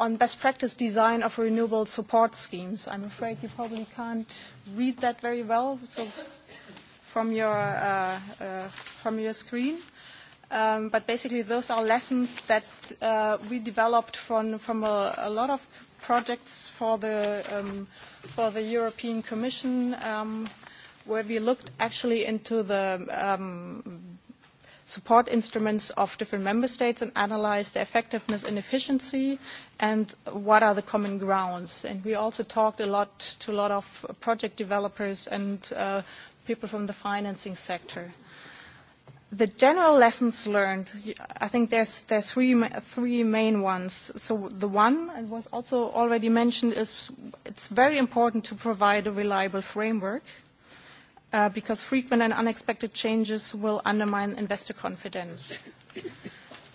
on best practice design of renewable support schemes. I'm afraid you probably can't read that very well, so from your uh, uh, from your screen. Um, but basically, those are lessons that uh, we developed from, from a, a lot of projects for the, um, for the European Commission, um, where we looked actually into the um, support instruments of different member states and analyzed their effectiveness and efficiency and what are the common grounds. And we also talked a lot to a lot of project developers and uh, people from the financing sector the general lessons learned, I think there's there's three three main ones. So the one it was also already mentioned is it's very important to provide a reliable framework uh, because frequent and unexpected changes will undermine investor confidence.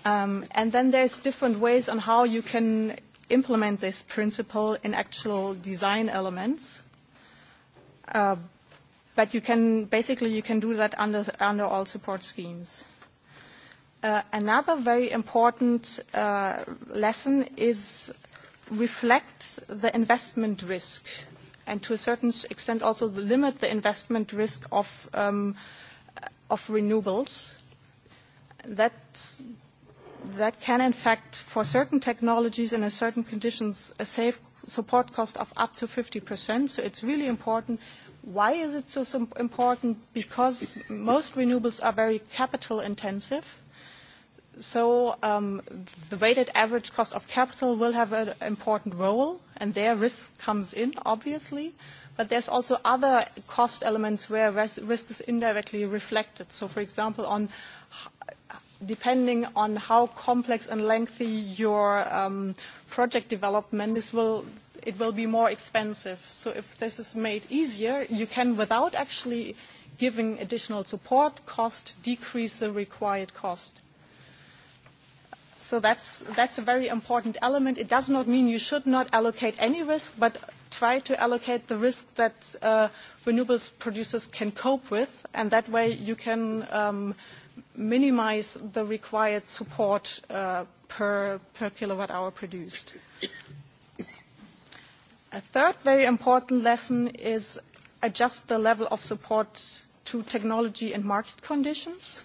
Um, and then there's different ways on how you can implement this principle in actual design elements. Uh, But you can basically you can do that under under all support schemes. Uh, another very important uh, lesson is reflect the investment risk and to a certain extent also limit the investment risk of, um, of renewables. That's, that can in fact for certain technologies and in certain conditions a safe support cost of up to 50%. So it's really important Why is it so important? Because most renewables are very capital intensive. So um, the weighted average cost of capital will have an important role, and there risk comes in, obviously. But there's also other cost elements where risk is indirectly reflected. So, for example, on depending on how complex and lengthy your um, project development this will it will be more expensive. So if this is made easier, you can, without actually giving additional support cost, decrease the required cost. So that's, that's a very important element. It does not mean you should not allocate any risk, but try to allocate the risk that uh, renewables producers can cope with, and that way you can um, minimize the required support uh, per, per kilowatt hour produced. A third very important lesson is adjust the level of support to technology and market conditions.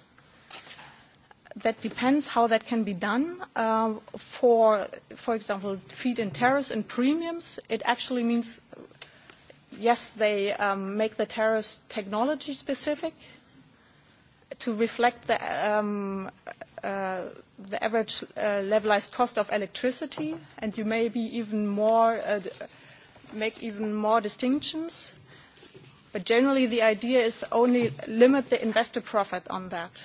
That depends how that can be done. For for example, feed-in tariffs and premiums, it actually means, yes, they make the tariffs technology specific to reflect the um uh the average uh levelized cost of electricity, and you may be even more uh make even more distinctions. But generally, the idea is only limit the investor profit on that.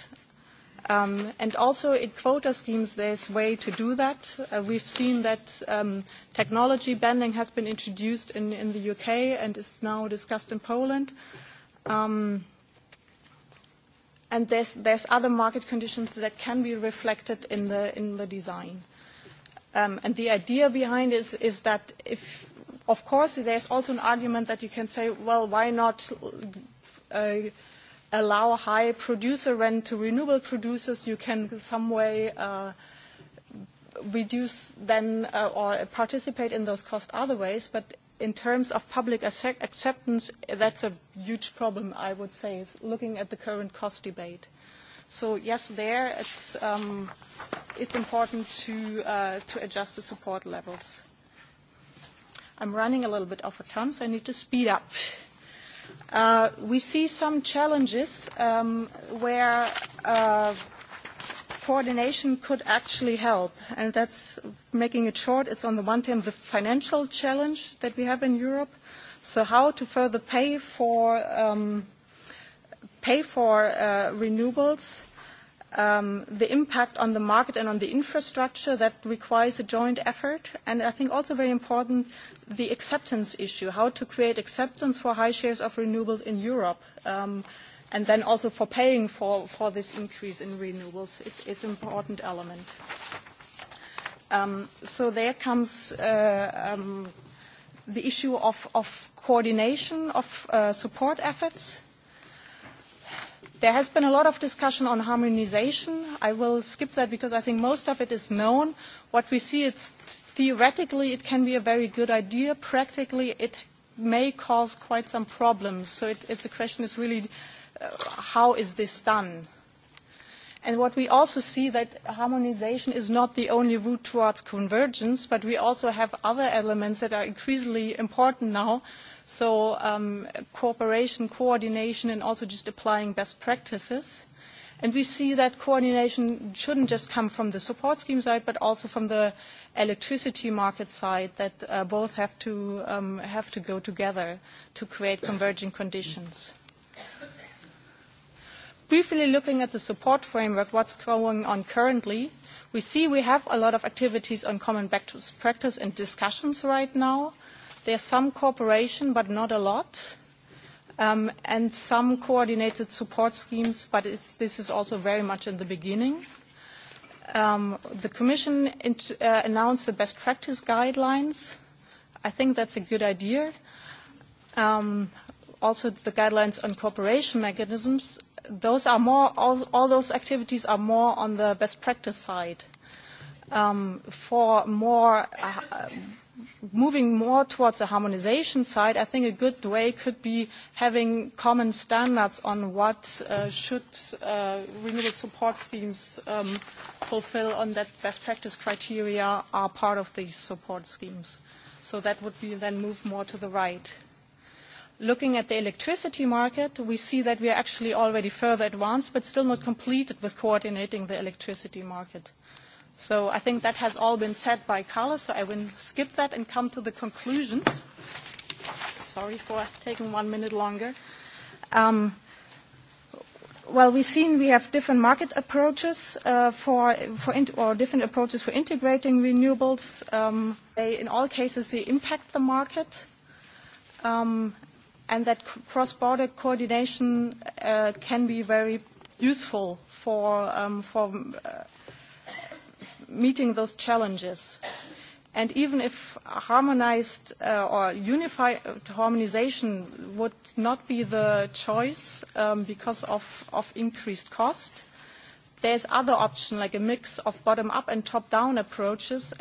Um, and also in quota schemes, there's way to do that. Uh, we've seen that um, technology banding has been introduced in, in the UK and is now discussed in Poland. Um, and there's, there's other market conditions that can be reflected in the, in the design. Um, and the idea behind is, is that if Of course, there is also an argument that you can say, well, why not allow high producer rent to renewable producers? You can some way reduce then or participate in those costs other ways. But in terms of public acceptance, that's a huge problem, I would say, is looking at the current cost debate. So yes, there it's, um, it's important to, uh, to adjust the support levels. I'm running a little bit off of time, so I need to speed up. Uh, we see some challenges um, where uh, coordination could actually help. And that's making it short. It's on the one hand the financial challenge that we have in Europe. So how to further pay for um, pay for uh, renewables the impact on the market and on the infrastructure that requires a joint effort. And I think also very important, the acceptance issue, how to create acceptance for high shares of renewables in Europe. and then also for paying for, for this increase in renewables. It's, it's an important element. Um, so there comes uh, um, the issue of, of coordination of uh, support efforts There has been a lot of discussion on harmonization. I will skip that because I think most of it is known. What we see is theoretically it can be a very good idea. Practically it may cause quite some problems. So it, question is really uh, how is this done? And what we also see that harmonization is not the only route towards convergence, but we also have other elements that are increasingly important now, So um, cooperation, coordination, and also just applying best practices. And we see that coordination shouldn't just come from the support scheme side, but also from the electricity market side, that uh, both have to, um, have to go together to create converging conditions. Briefly looking at the support framework, what's going on currently, we see we have a lot of activities on common practice and discussions right now There's some cooperation, but not a lot, and some coordinated support schemes, but it's, this is also very much in the beginning. the Commission announced the best practice guidelines. I think that's a good idea. also, the guidelines on cooperation mechanisms, those are more, all, all those activities are more on the best practice side. for more moving more towards the harmonization side, I think a good way could be having common standards on what uh, should uh, renewable support schemes um, fulfill on that best practice criteria are part of these support schemes. So that would be then move more to the right. Looking at the electricity market, we see that we are actually already further advanced, but still not completed with coordinating the electricity market. Uh, So I think that has all been said by Carlos, so I will skip that and come to the conclusions. Sorry for taking one minute longer. Um, well, we've seen we have different market approaches uh, for, for in, or different approaches for integrating renewables. Um, they, in all cases, they impact the market, um, and that cross-border coordination uh, can be very useful for, um, for uh, meeting those challenges. And even if harmonized uh, or unified harmonization would not be the choice um, because of, of increased cost, there's other option like a mix of bottom-up and top-down approaches.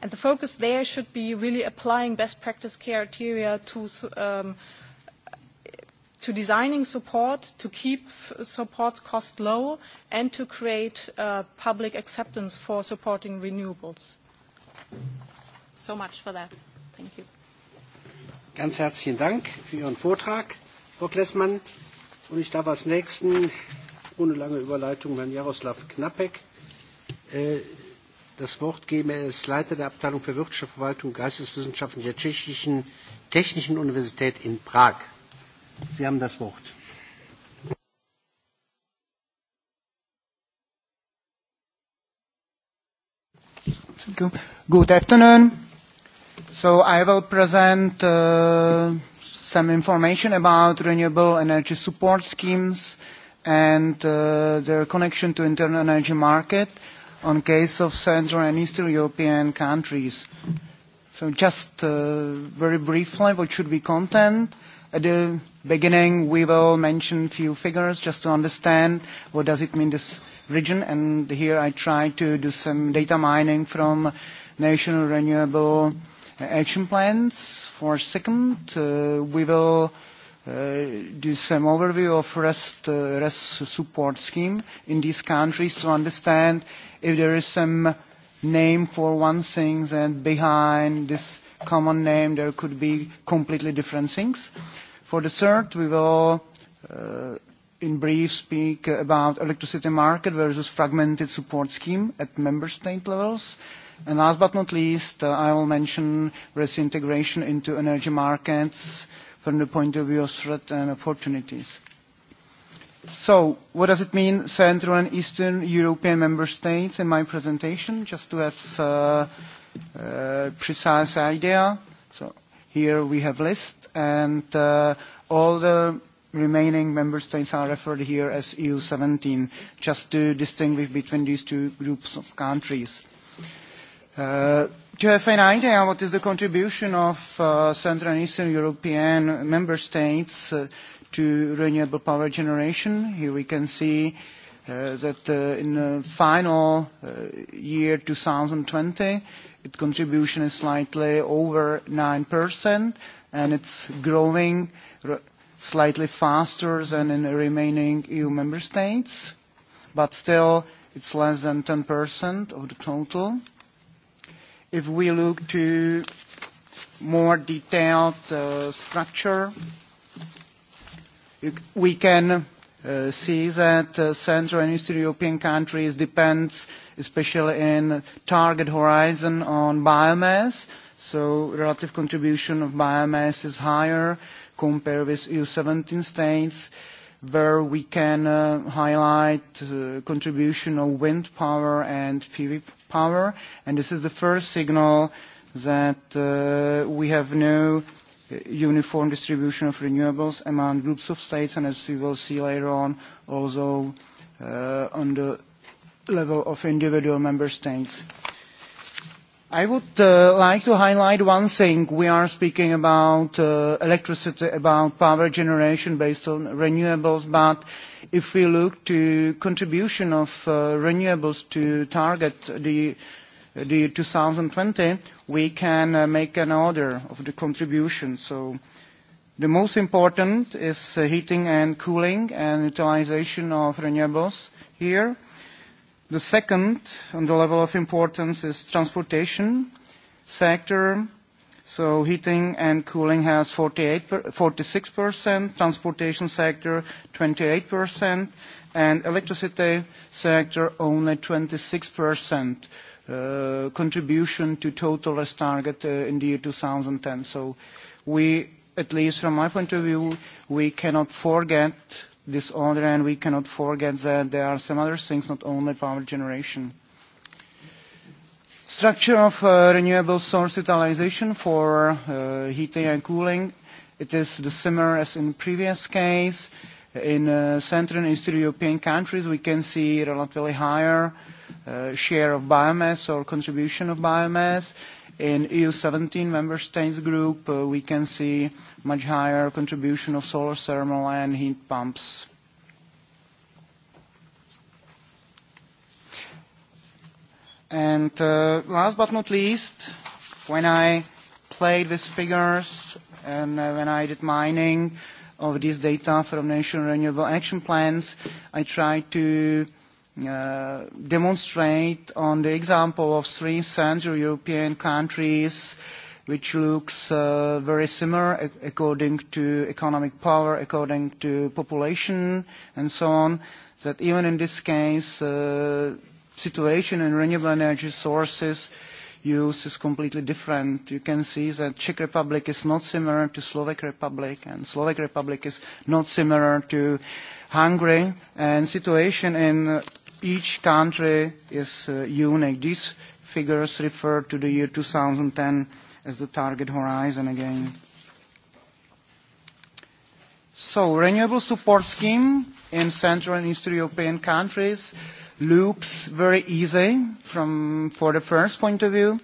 And the focus there should be really applying best practice criteria to um, – to designing support, to keep support costs low, and to create uh, public acceptance for supporting renewables. So much for that. Thank you. Ganz herzlichen Dank für Ihren Vortrag, Frau Klessmann. Und ich darf als Nächsten, ohne lange Überleitung, Herrn Jaroslav Knapek äh, das Wort geben. Er ist Leiter der Abteilung für Wirtschaft, und Geisteswissenschaften der Tschechischen Technischen Universität in Prag. Sie haben das Wort. Good afternoon. So I will present uh, some information about renewable energy support schemes and uh, their connection to internal energy market on case of Central and Eastern European countries. So just uh, very briefly, what should be content? Uh, At the beginning, we will mention a few figures just to understand what does it mean, this region, and here I try to do some data mining from National Renewable Action Plans. For a second, we will do some overview of RES uh, REST support scheme in these countries to understand if there is some name for one thing and behind this common name. There could be completely different things. For the third, we will in brief speak about electricity market versus fragmented support scheme at member state levels. And Last but not least, I will mention risk integration into energy markets from the point of view of threat and opportunities. So What does it mean, Central and Eastern European member states in my presentation? Just to have uh uh, precise idea. So here we have list, and uh, all the remaining member states are referred here as EU 17, just to distinguish between these two groups of countries. Uh, to have an idea what is the contribution of uh, Central and Eastern European member states uh, to renewable power generation, here we can see uh, that uh, in the final uh, year 2020, Its contribution is slightly over 9%, and it's growing slightly faster than in the remaining EU member states, but still it's less than 10% of the total. If we look to more detailed structure, we can uh, see that uh, Central and Eastern European countries depend, especially in target horizon, on biomass. So relative contribution of biomass is higher compared with EU 17 states, where we can uh, highlight uh, contribution of wind power and PV power. And this is the first signal that uh, we have no uniform distribution of renewables among groups of states, and as we will see later on, also on the level of individual member states. I would like to highlight one thing. We are speaking about electricity, about power generation based on renewables, but if we look to contribution of renewables to target the the 2020, we can make an order of the contribution. So the most important is heating and cooling and utilization of renewables here. The second, on the level of importance, is transportation sector. So heating and cooling has 46%, transportation sector 28%, and electricity sector only 26% contribution to total as target in the year 2010. So we, at least from my point of view, we cannot forget this order, and we cannot forget that there are some other things, not only power generation. Structure of renewable source utilization for heating and cooling. It is the similar as in previous case. In Central and Eastern European countries, we can see relatively higher share of biomass or contribution of biomass. In EU 17 member states group, we can see much higher contribution of solar thermal and heat pumps. And last but not least, when I played with figures and when I did mining of these data from national renewable action plans, I tried to uh, demonstrate on the example of three Central European countries which looks uh, very similar according to economic power, according to population and so on, that even in this case uh, situation in renewable energy sources use is completely different. You can see that Czech Republic is not similar to Slovak Republic, and Slovak Republic is not similar to Hungary. And situation in each country is uh, unique. These figures refer to the year 2010 as the target horizon again. So, renewable support scheme in Central and Eastern European countries looks very easy from for the first point of view,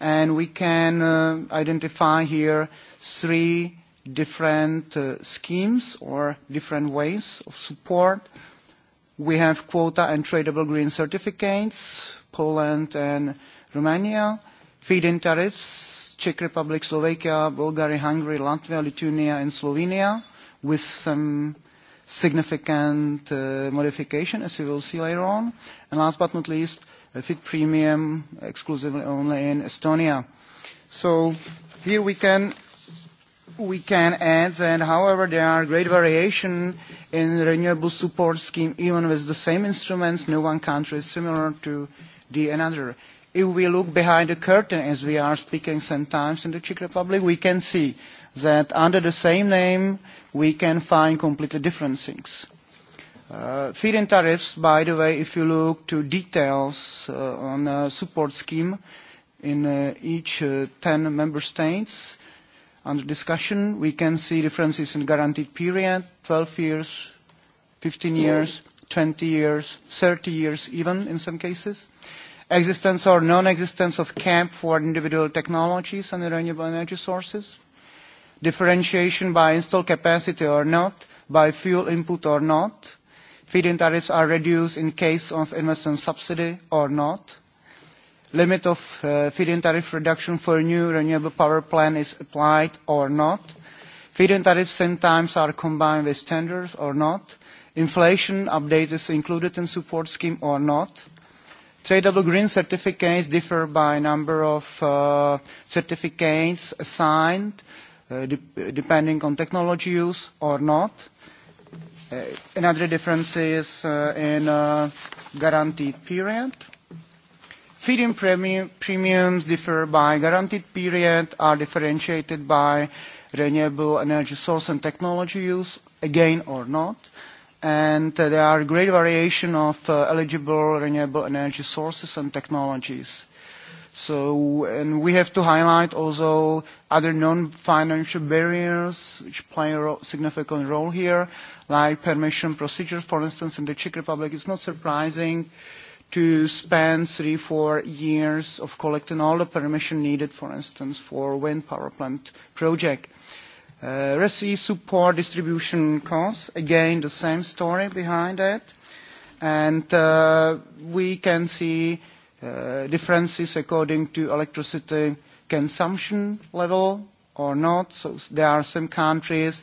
and we can uh, identify here three different uh, schemes or different ways of support. Uh, We have quota and tradable green certificates, Poland and Romania, feed-in tariffs, Czech Republic, Slovakia, Bulgaria, Hungary, Latvia, Lithuania, and Slovenia, with some significant uh, modification, as you will see later on. And last but not least, a fit premium exclusively only in Estonia. So here we can we can add that, however, there are great variation in renewable support scheme, even with the same instruments, no one country is similar to the another. If we look behind the curtain, as we are speaking sometimes in the Czech Republic, we can see that under the same name, we can find completely different things. Uh, feed-in tariffs, by the way, if you look to details uh, on a support scheme in uh, each uh, 10 member states, under discussion. We can see differences in guaranteed period, 12 years, 15 years, 20 years, 30 years even in some cases. Existence or non-existence of cap for individual technologies and renewable energy sources. Differentiation by installed capacity or not, by fuel input or not. Feed-in tariffs are reduced in case of investment subsidy or not limit of uh, feed-in tariff reduction for a new renewable power plant is applied or not. Feed-in tariffs sometimes times are combined with tenders or not. Inflation update is included in support scheme or not. Tradable green certificates differ by number of uh, certificates assigned, uh, de depending on technology use or not. Uh, another difference is uh, in uh, guaranteed period. Feed-in premiums differ by guaranteed period, are differentiated by renewable energy source and technology use, again or not. And there are great variation of eligible renewable energy sources and technologies. So, and we have to highlight also other non-financial barriers which play a significant role here, like permission procedure, for instance, in the Czech Republic. It's not surprising to spend three, four years of collecting all the permission needed, for instance, for wind power plant project. Uh, RESI support distribution costs, again, the same story behind it. And uh, we can see uh, differences according to electricity consumption level or not. So there are some countries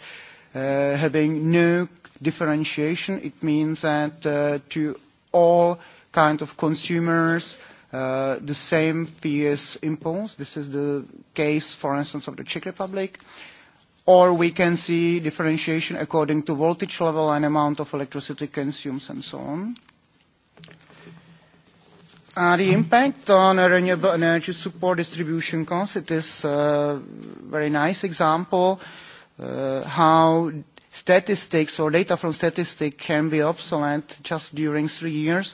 uh, having no differentiation. It means that uh, to all uh, kind of consumers, uh, the same fierce impulse. This is the case, for instance, of the Czech Republic. Or we can see differentiation according to voltage level and amount of electricity consumes and so on. Uh, the impact on renewable energy support distribution costs, it is a very nice example uh, how statistics or data from statistics can be obsolete just during three years.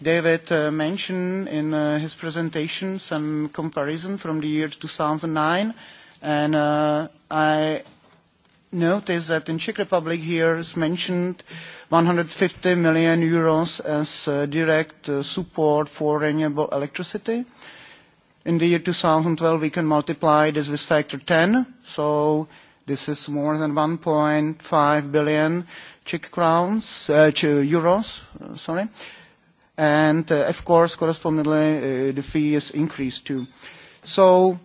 David uh, mentioned in uh, his presentation some comparison from the year 2009, and uh, I noticed that in Czech Republic here is mentioned 150 million euros as uh, direct uh, support for renewable electricity. In the year 2012, we can multiply this with factor 10, so This is more than 1.5 billion Czech crowns, uh, euros, sorry. And of course, correspondingly, uh, the fee is increased too. So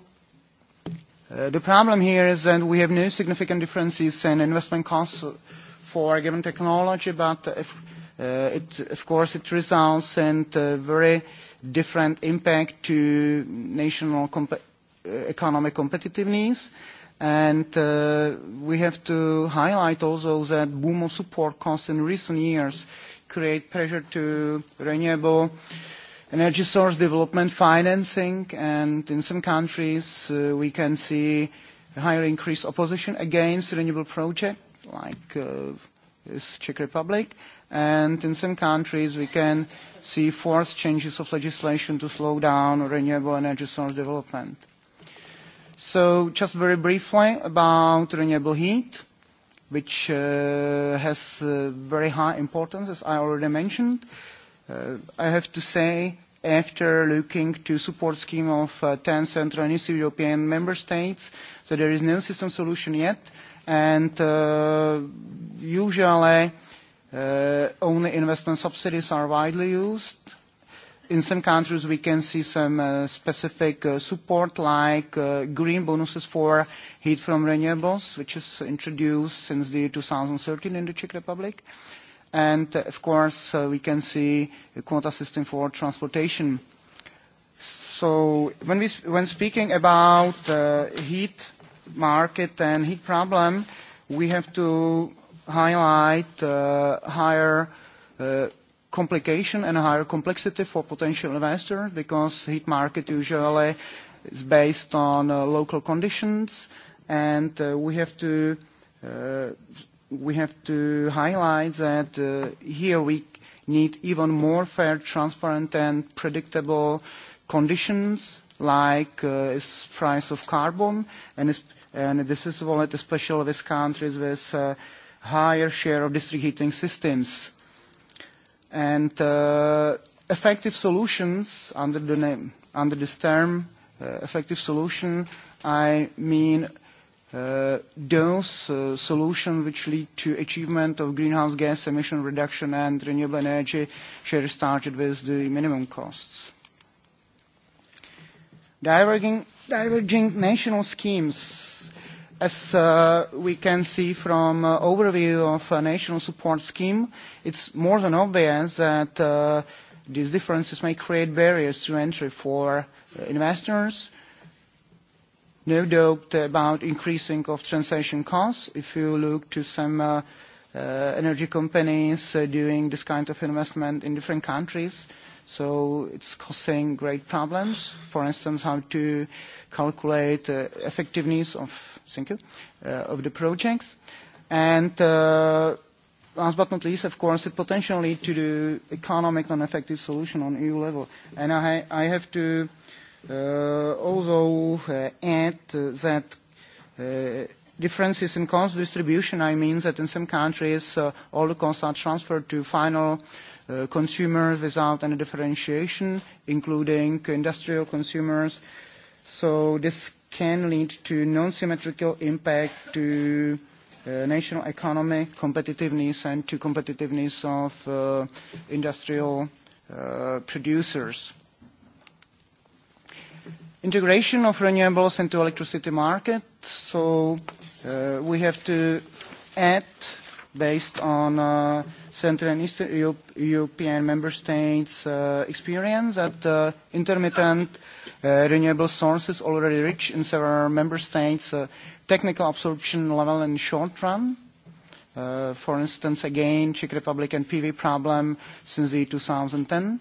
the problem here is that we have no significant differences in investment costs for a given technology, but if, it, of course it results in a very different impact to national comp- economic competitiveness. And we have to highlight also that boom of support costs in recent years create pressure to renewable energy source development financing, and in some countries we can see higher increased opposition against renewable projects, like this is Czech Republic, and in some countries we can see forced changes of legislation to slow down renewable energy source development. So just very briefly about renewable heat, which has very high importance, as I already mentioned. I have to say, after looking to support scheme of 10 Central and Eastern European member states, so there is no system solution yet, and usually only investment subsidies are widely used, in some countries, we can see some uh, specific uh, support like uh, green bonuses for heat from renewables, which is introduced since the 2013 in the Czech Republic. And, uh, of course, uh, we can see a quota system for transportation. So when, we, when speaking about uh, heat market and heat problem, we have to highlight uh, higher uh, complication and higher complexity for potential investor because heat market usually is based on uh, local conditions and uh, we have to uh, we have to highlight that uh, here we need even more fair, transparent and predictable conditions like uh, is price of carbon and, is, and this is valid especially with countries with uh, higher share of district heating systems and uh, effective solutions under the name, under this term, uh, effective solution, I mean uh, those uh, solutions which lead to achievement of greenhouse gas emission reduction and renewable energy share started with the minimum costs. Diverging, diverging national schemes As we can see from uh, overview of a national support scheme, it's more than obvious that these differences may create barriers to entry for investors. No doubt about increasing of transaction costs. If you look to some uh, uh, energy companies uh, doing this kind of investment in different countries, so it's causing great problems. For instance, how to calculate uh, effectiveness of thank you, uh, of the project. And uh, last but not least, of course, it potentially lead to the economic and effective solution on EU level. And I, I have to uh, also uh, add uh, that uh, differences in cost distribution, I mean that in some countries uh, all the costs are transferred to final uh, consumers without any differentiation, including industrial consumers. So this can lead to non-symmetrical impact to national economy competitiveness and to competitiveness of industrial producers. Integration of renewables into electricity market. So we have to add, based on Central and Eastern European member states' experience, that intermittent renewable sources already reach in several member states uh, technical absorption level in short run. Uh, for instance, again, Czech Republic and PV problem since the 2010.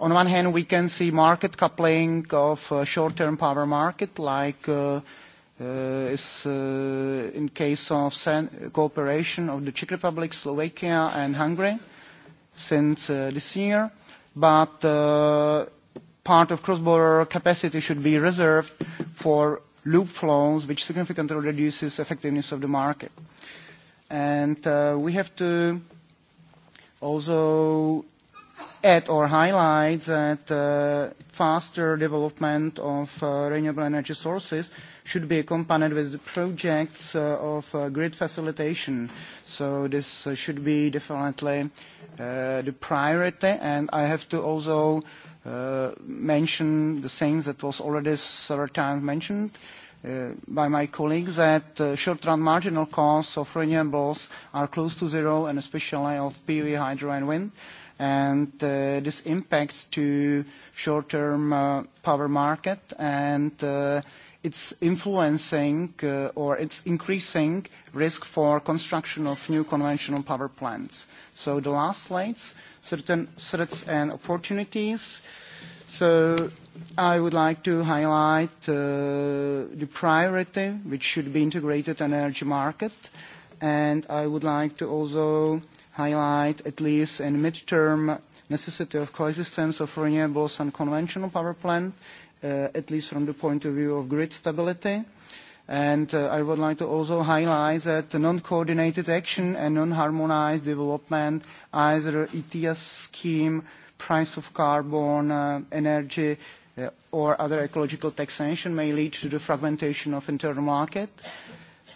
On one hand, we can see market coupling of uh, short-term power market like uh, is in case of cooperation of the Czech Republic, Slovakia, and Hungary since this year. But part of cross-border capacity should be reserved for loop flows, which significantly reduces effectiveness of the market. And uh, we have to also add or highlight that uh, faster development of uh, renewable energy sources should be accompanied with the projects uh, of uh, grid facilitation. So this uh, should be definitely uh, the priority. And I have to also uh, mention the same that was already several times mentioned by my colleagues, that short-run marginal costs of renewables are close to zero, and especially of PV, hydro, and wind. And this impacts to short-term power market, and it's influencing or it's increasing risk for construction of new conventional power plants. So the last slides certain threats and opportunities. So I would like to highlight the priority which should be integrated energy market, and I would like to also highlight at least in midterm necessity of coexistence of renewables and conventional power plant, at least from the point of view of grid stability And I would like to also highlight that non-coordinated action and non-harmonized development, either ETS scheme, price of carbon, energy, or other ecological taxation, may lead to the fragmentation of internal market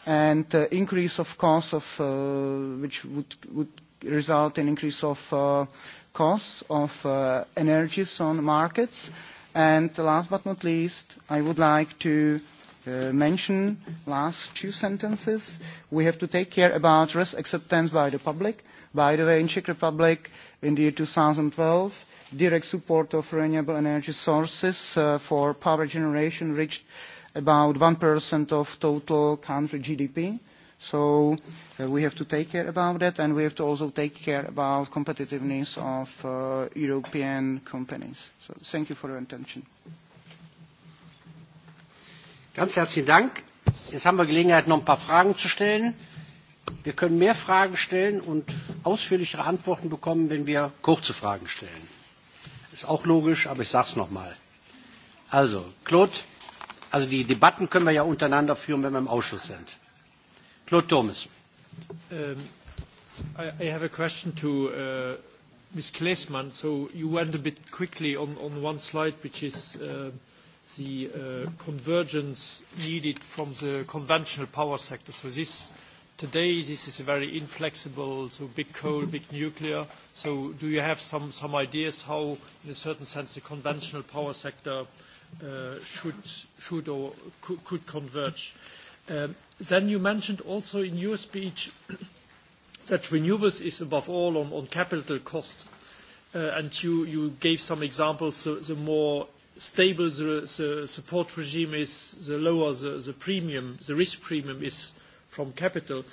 and increase of costs of uh which would would result in increase of uh costs of uh energies on markets. And Last but not least, I would like to mention last two sentences. We have to take care about risk acceptance by the public. By the way, in Czech Republic, in the year 2012, direct support of renewable energy sources uh, for power generation reached about 1% of total country GDP. So uh, we have to take care about that, and we have to also take care about competitiveness of uh, European companies. So thank you for your attention. Ganz herzlichen Dank. Jetzt haben wir Gelegenheit, noch ein paar Fragen zu stellen. Wir können mehr Fragen stellen und ausführlichere Antworten bekommen, wenn wir kurze Fragen stellen. Ist auch logisch, aber ich sage es nochmal. Also, Claude, also die Debatten können wir ja untereinander führen, wenn wir im Ausschuss sind. Claude Thomas. Um, I have a question to uh, Ms. Klesmann. So you went a bit quickly on, on one slide, which is... Uh, the convergence needed from the conventional power sector. So this today, this is very inflexible, so big coal, big nuclear. So do you have some some ideas how, in a certain sense, the conventional power sector should should or could converge? Then you mentioned also in your speech that renewables is above all on capital cost. And you gave some examples, the more stable the support regime is, the lower the premium, the risk premium is from capital.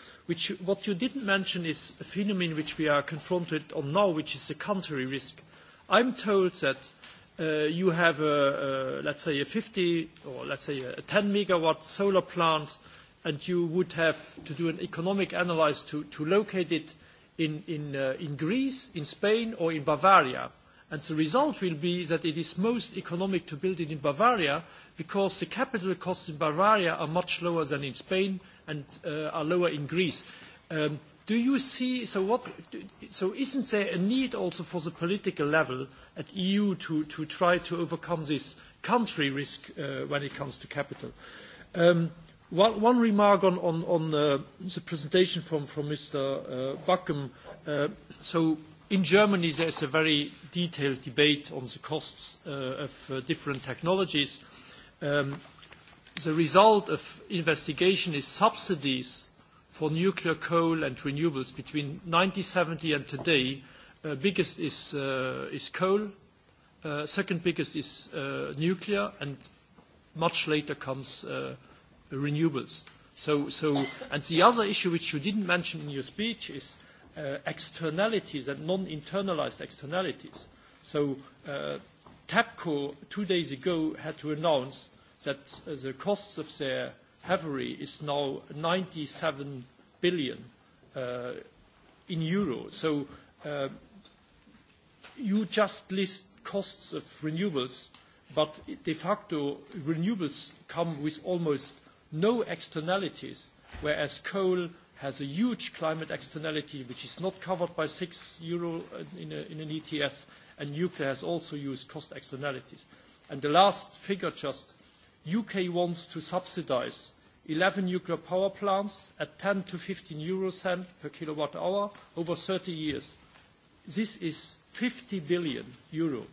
What you didn't mention is a phenomenon which we are confronted on now, which is the country risk. I'm told that you have, a let's say, a 50 or let's say a 10 megawatt solar plant, and you would have to do an economic analysis to locate it in Greece, in Spain, or in Bavaria And the result will be that it is most economic to build it in Bavaria because the capital costs in Bavaria are much lower than in Spain and are lower in Greece. do you see, so, what, so isn't there a need also for the political level at EU to, to try to overcome this country risk when it comes to capital? One remark on the presentation from Mr. Buckham. So In Germany, there is a very detailed debate on the costs of different technologies. the result of investigation is subsidies for nuclear, coal, and renewables between seventy and today. Uh, biggest is, is coal, second biggest is nuclear, and much later comes renewables. So, so, and the other issue which you didn't mention in your speech is externalities and non-internalized externalities. So TAPCO, two days ago, had to announce that the costs of their Havery is now 97 billion in euros. So you just list costs of renewables, but de facto, renewables come with almost no externalities, whereas coal has a huge climate externality which is not covered by 6 euro in, an ETS, and nuclear has also used cost externalities. And the last figure just, UK wants to subsidize 11 nuclear power plants at 10 to 15 euro cent per kilowatt hour over 30 years. This is 50 billion euro.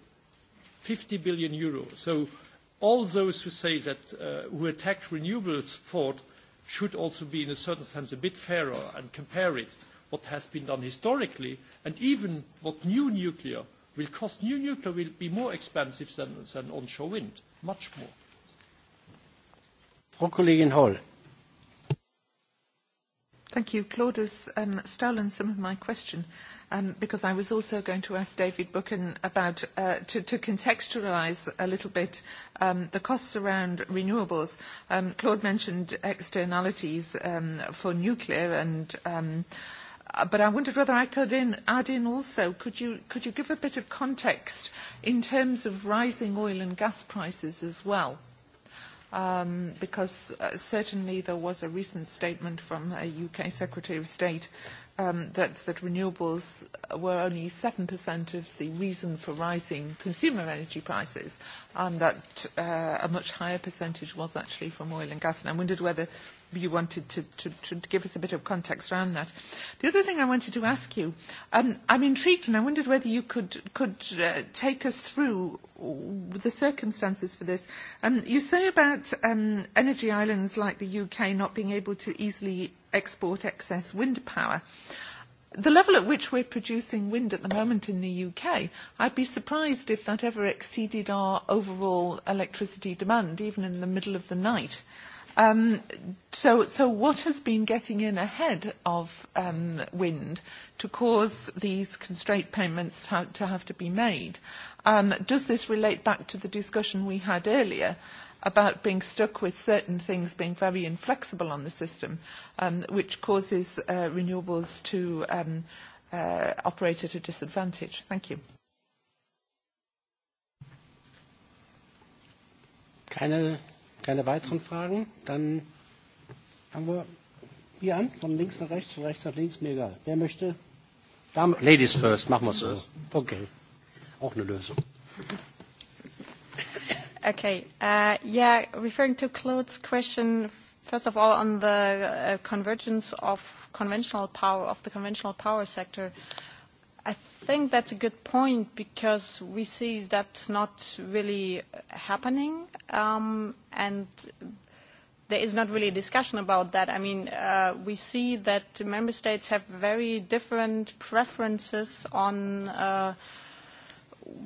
50 billion euro. So all those who say that, who attack renewables support should also be in a certain sense a bit fairer and compare it what has been done historically and even what new nuclear will cost. New nuclear will be more expensive than, than onshore wind, much more. Frau Kollegin Hall. Thank you. Claude has um, stolen some of my question um, because I was also going to ask David Buchan about, uh, to, to contextualise a little bit um, the costs around renewables. Um, Claude mentioned externalities um, for nuclear and um, but I wondered whether I could in, add in also, could you, could you give a bit of context in terms of rising oil and gas prices as well? Um, because uh, certainly there was a recent statement from a UK Secretary of State um, that, that renewables were only 7% of the reason for rising consumer energy prices, and that uh, a much higher percentage was actually from oil and gas. And I wondered whether you wanted to, to, to give us a bit of context around that. The other thing I wanted to ask you, um, I'm intrigued and I wondered whether you could, could uh, take us through the circumstances for this. Um, you say about um, energy islands like the UK not being able to easily export excess wind power. The level at which we're producing wind at the moment in the UK, I'd be surprised if that ever exceeded our overall electricity demand, even in the middle of the night. Um, so, so what has been getting in ahead of um, wind to cause these constraint payments to, to have to be made? Um, does this relate back to the discussion we had earlier about being stuck with certain things being very inflexible on the system, um, which causes uh, renewables to um, uh, operate at a disadvantage? Thank you. Keine Keine weiteren Fragen? Dann fangen wir hier an, von links nach rechts, von rechts nach links, mir egal. Wer möchte? Dame, Ladies first, machen wir es so. Okay, auch eine Lösung. Okay, uh, yeah, referring to Claude's question, first of all, on the uh, convergence of conventional power, of the conventional power sector, uh, think that's a good point because we see that's not really happening, um, and there is not really a discussion about that. I mean, uh, we see that member states have very different preferences on. Uh,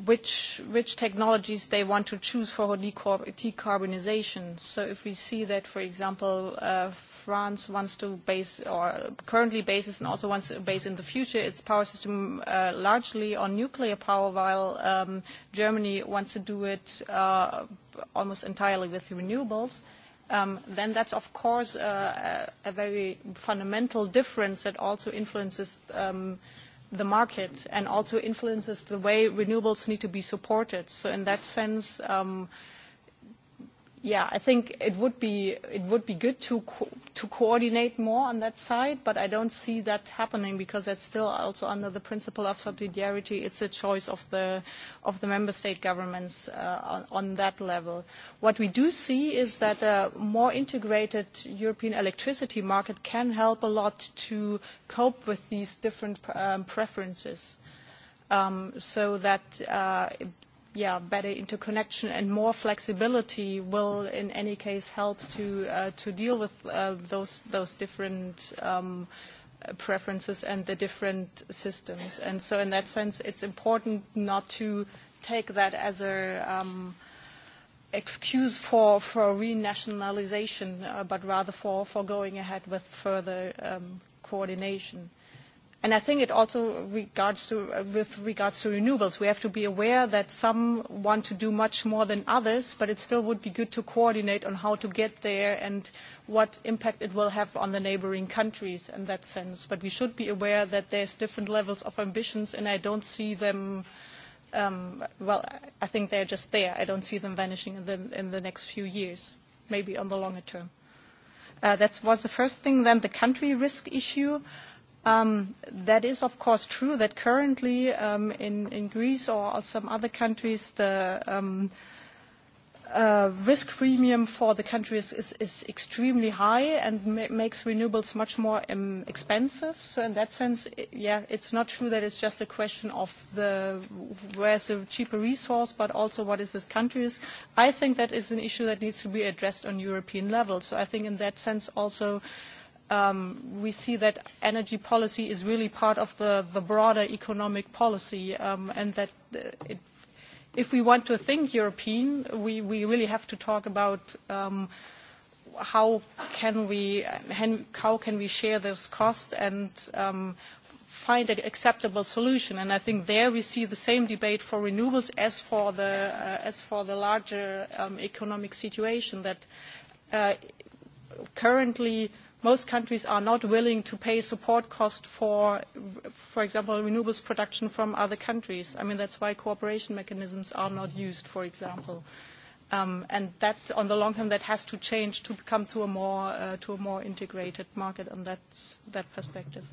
which which technologies they want to choose for decarbonization. So if we see that, for example, uh, France wants to base, or currently bases and also wants to base in the future its power system uh, largely on nuclear power, while um, Germany wants to do it uh, almost entirely with renewables. Um, then that's of course uh, a very fundamental difference that also influences um, the market and also influences the way renewables need to be supported. So in that sense, um, yeah, I think it would be it would be good to to coordinate more on that side, but I don't see that happening because that's still also under the principle of subsidiarity. It's a choice of the of the member state governments uh, on, on that level. What we do see is that a more integrated European electricity market can help a lot to cope with these different um, preferences um, so that uh, yeah, better interconnection and more flexibility will, in any case, help to uh, to deal with uh, those those different um, preferences and the different systems. And so, in that sense, it's important not to take that as an um, excuse for for renationalization, uh, but rather for for going ahead with further um, coordination. And I think it also regards to, with regards to renewables, we have to be aware that some want to do much more than others, but it still would be good to coordinate on how to get there and what impact it will have on the neighbouring countries in that sense. But we should be aware that there's different levels of ambitions, and I don't see them, um, well, I think they're just there. I don't see them vanishing in the, in the next few years, maybe on the longer term. Uh, that was the first thing. Then the country risk issue. That is, of course, true that currently, in Greece or some other countries, the risk premium for the country is extremely high and makes renewables much more expensive. So in that sense, yeah, it's not true that it's just a question of the where's the cheaper resource, but also what is this country's. I think that is an issue that needs to be addressed on European level. So I think in that sense also, we see that energy policy is really part of the, the broader economic policy and that it, if we want to think European, we, we really have to talk about how can we how can we share those costs and find an acceptable solution. And I think there we see the same debate for renewables as for the uh, as for the larger um, economic situation that uh, currently most countries are not willing to pay support cost for, for example, renewables production from other countries. I mean, that's why cooperation mechanisms are not used, for example. Um, and that, on the long term, that has to change to come to a more, uh, to a more integrated market on that, that perspective.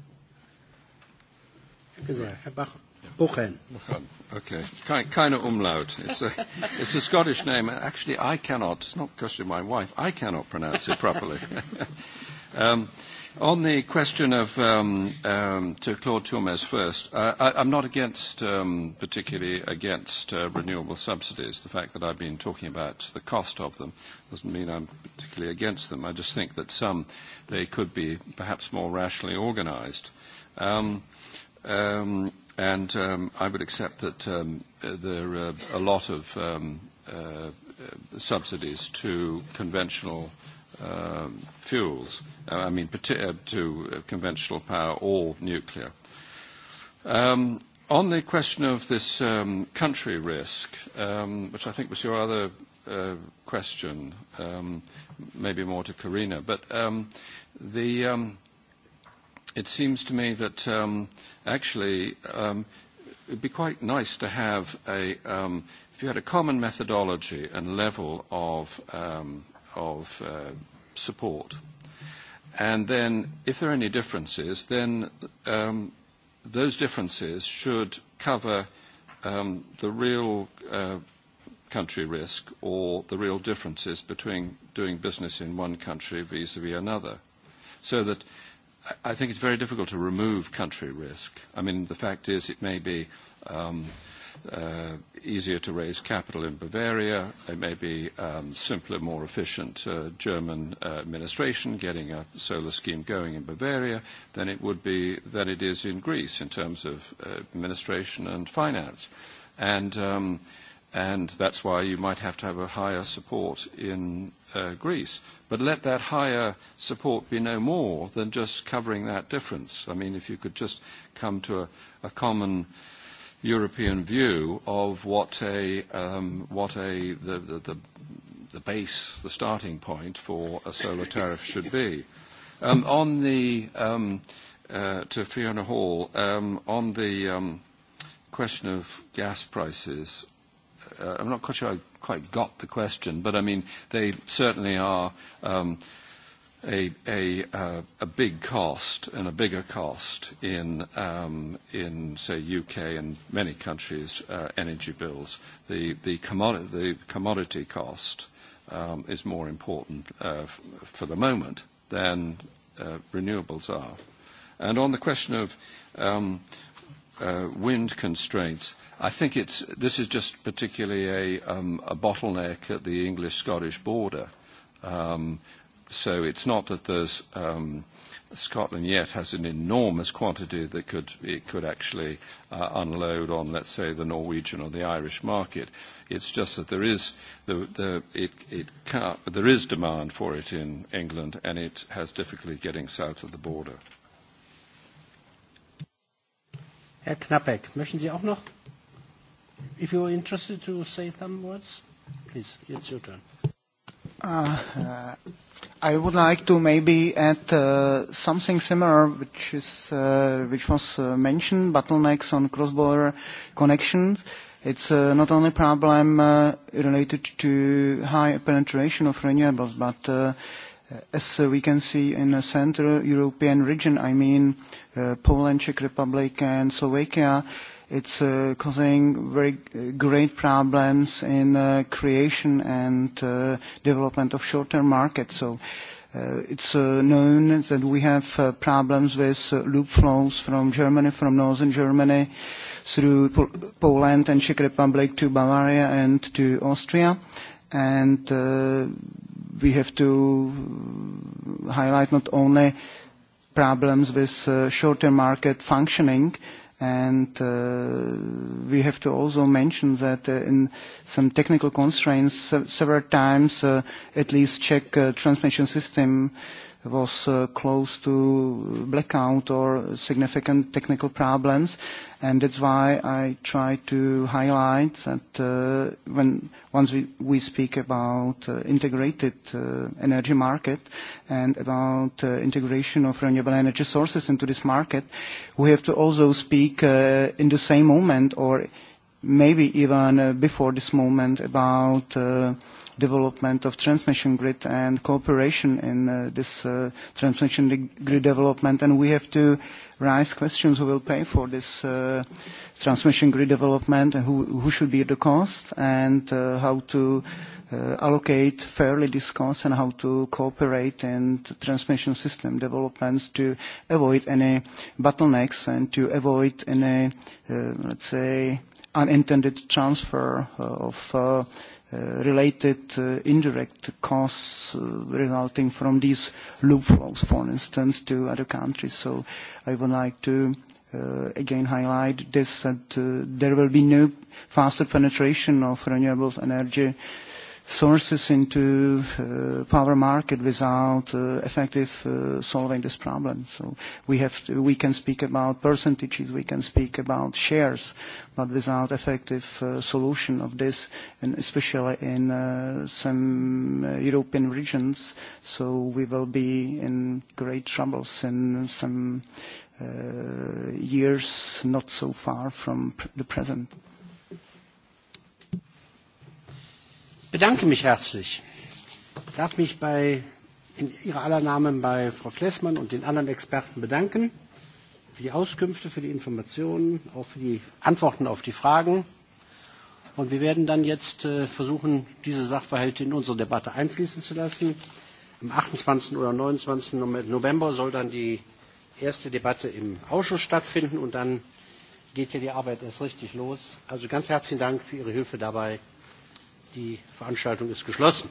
Okay. kind of umlaut. It's a, it's a Scottish name. Actually, I cannot, it's not because of my wife, I cannot pronounce it properly. Um, on the question of um, um, to Claude Turmes first, uh, I, I'm not against, um, particularly against uh, renewable subsidies. The fact that I've been talking about the cost of them doesn't mean I'm particularly against them. I just think that some they could be perhaps more rationally organised. Um, um, and um, I would accept that um, there are a lot of um, uh, subsidies to conventional fuels, I mean, to conventional power or nuclear. Um, on the question of this um, country risk, um, which I think was your other uh, question, um, maybe more to Karina, but um, the, um, it seems to me that um, actually um, it would be quite nice to have a, um, if you had a common methodology and level of um, of uh, support. And then, if there are any differences, then um, those differences should cover um, the real uh, country risk or the real differences between doing business in one country vis-à-vis another. So that I think it's very difficult to remove country risk. I mean, the fact is it may be um, – uh, easier to raise capital in Bavaria. It may be um, simpler, more efficient uh, German uh, administration getting a solar scheme going in Bavaria than it would be than it is in Greece in terms of uh, administration and finance, and um, and that's why you might have to have a higher support in uh, Greece. But let that higher support be no more than just covering that difference. I mean, if you could just come to a, a common European view of what a um, what a the, the, the the base, the starting point for a solar tariff should be. Um, on the um, uh, to Fiona Hall um, on the um, question of gas prices. Uh, I'm not quite sure I quite got the question, but I mean they certainly are. Um, uh, a, a, uh, a big cost and a bigger cost in, um, in say, UK and many countries' uh, energy bills. The, the, commodity, the commodity cost um, is more important uh, for the moment than uh, renewables are. And on the question of um, uh, wind constraints, I think it's, this is just particularly a, um, a bottleneck at the English-Scottish border. Um, So it's not that there's um, Scotland yet has an enormous quantity that could it could actually uh, unload on, let's say, the Norwegian or the Irish market. It's just that there is the, the it it can't, there is demand for it in England, and it has difficulty getting south of the border. Herr Knappek, möchten Sie auch noch? If you are interested to say some words, please, it's your turn. Uh, I would like to maybe add uh, something similar, which is uh, which was uh, mentioned: bottlenecks on cross-border connections. It's uh, not only a problem uh, related to high penetration of renewables, but uh, as uh, we can see in the Central European region, I mean uh, Poland, Czech Republic, and Slovakia. Uh, It's uh, causing very great problems in uh, creation and uh, development of short-term markets. So uh, it's uh, known that we have uh, problems with uh, loop flows from Germany, from northern Germany, through Pol Poland and Czech Republic to Bavaria and to Austria. And uh, we have to highlight not only problems with uh, short-term market functioning, uh, And uh, we have to also mention that uh, in some technical constraints, several times uh, at least Czech uh, transmission system uh, was uh, close to blackout or significant technical problems. And that's why I try to highlight that uh, when once we, we speak about uh, integrated uh, energy market and about uh, integration of renewable energy sources into this market, we have to also speak uh, in the same moment or maybe even uh, before this moment about uh, development of transmission grid and cooperation in uh, this uh, transmission grid development. And we have to raise questions who will pay for this uh, transmission grid development and who, who should be the cost and uh, how to uh, allocate fairly this cost and how to cooperate in transmission system developments to avoid any bottlenecks and to avoid any, uh, let's say, unintended transfer of uh, related indirect costs resulting from these loop flows, for instance, to other countries. So I would like to again highlight this, that there will be no faster penetration of renewable energy sources into uh, power market without uh, effective uh, solving this problem. So we have to, we can speak about percentages, we can speak about shares, but without effective uh, solution of this, and especially in uh, some uh, European regions, so we will be in great troubles in some uh, years not so far from pr- the present. bedanke mich herzlich. Ich darf mich bei, in Ihrer aller Namen bei Frau Klessmann und den anderen Experten bedanken für die Auskünfte, für die Informationen, auch für die Antworten auf die Fragen. Und wir werden dann jetzt versuchen, diese Sachverhalte in unsere Debatte einfließen zu lassen. Am 28. oder 29. November soll dann die erste Debatte im Ausschuss stattfinden und dann geht hier die Arbeit erst richtig los. Also ganz herzlichen Dank für Ihre Hilfe dabei Die Veranstaltung ist geschlossen.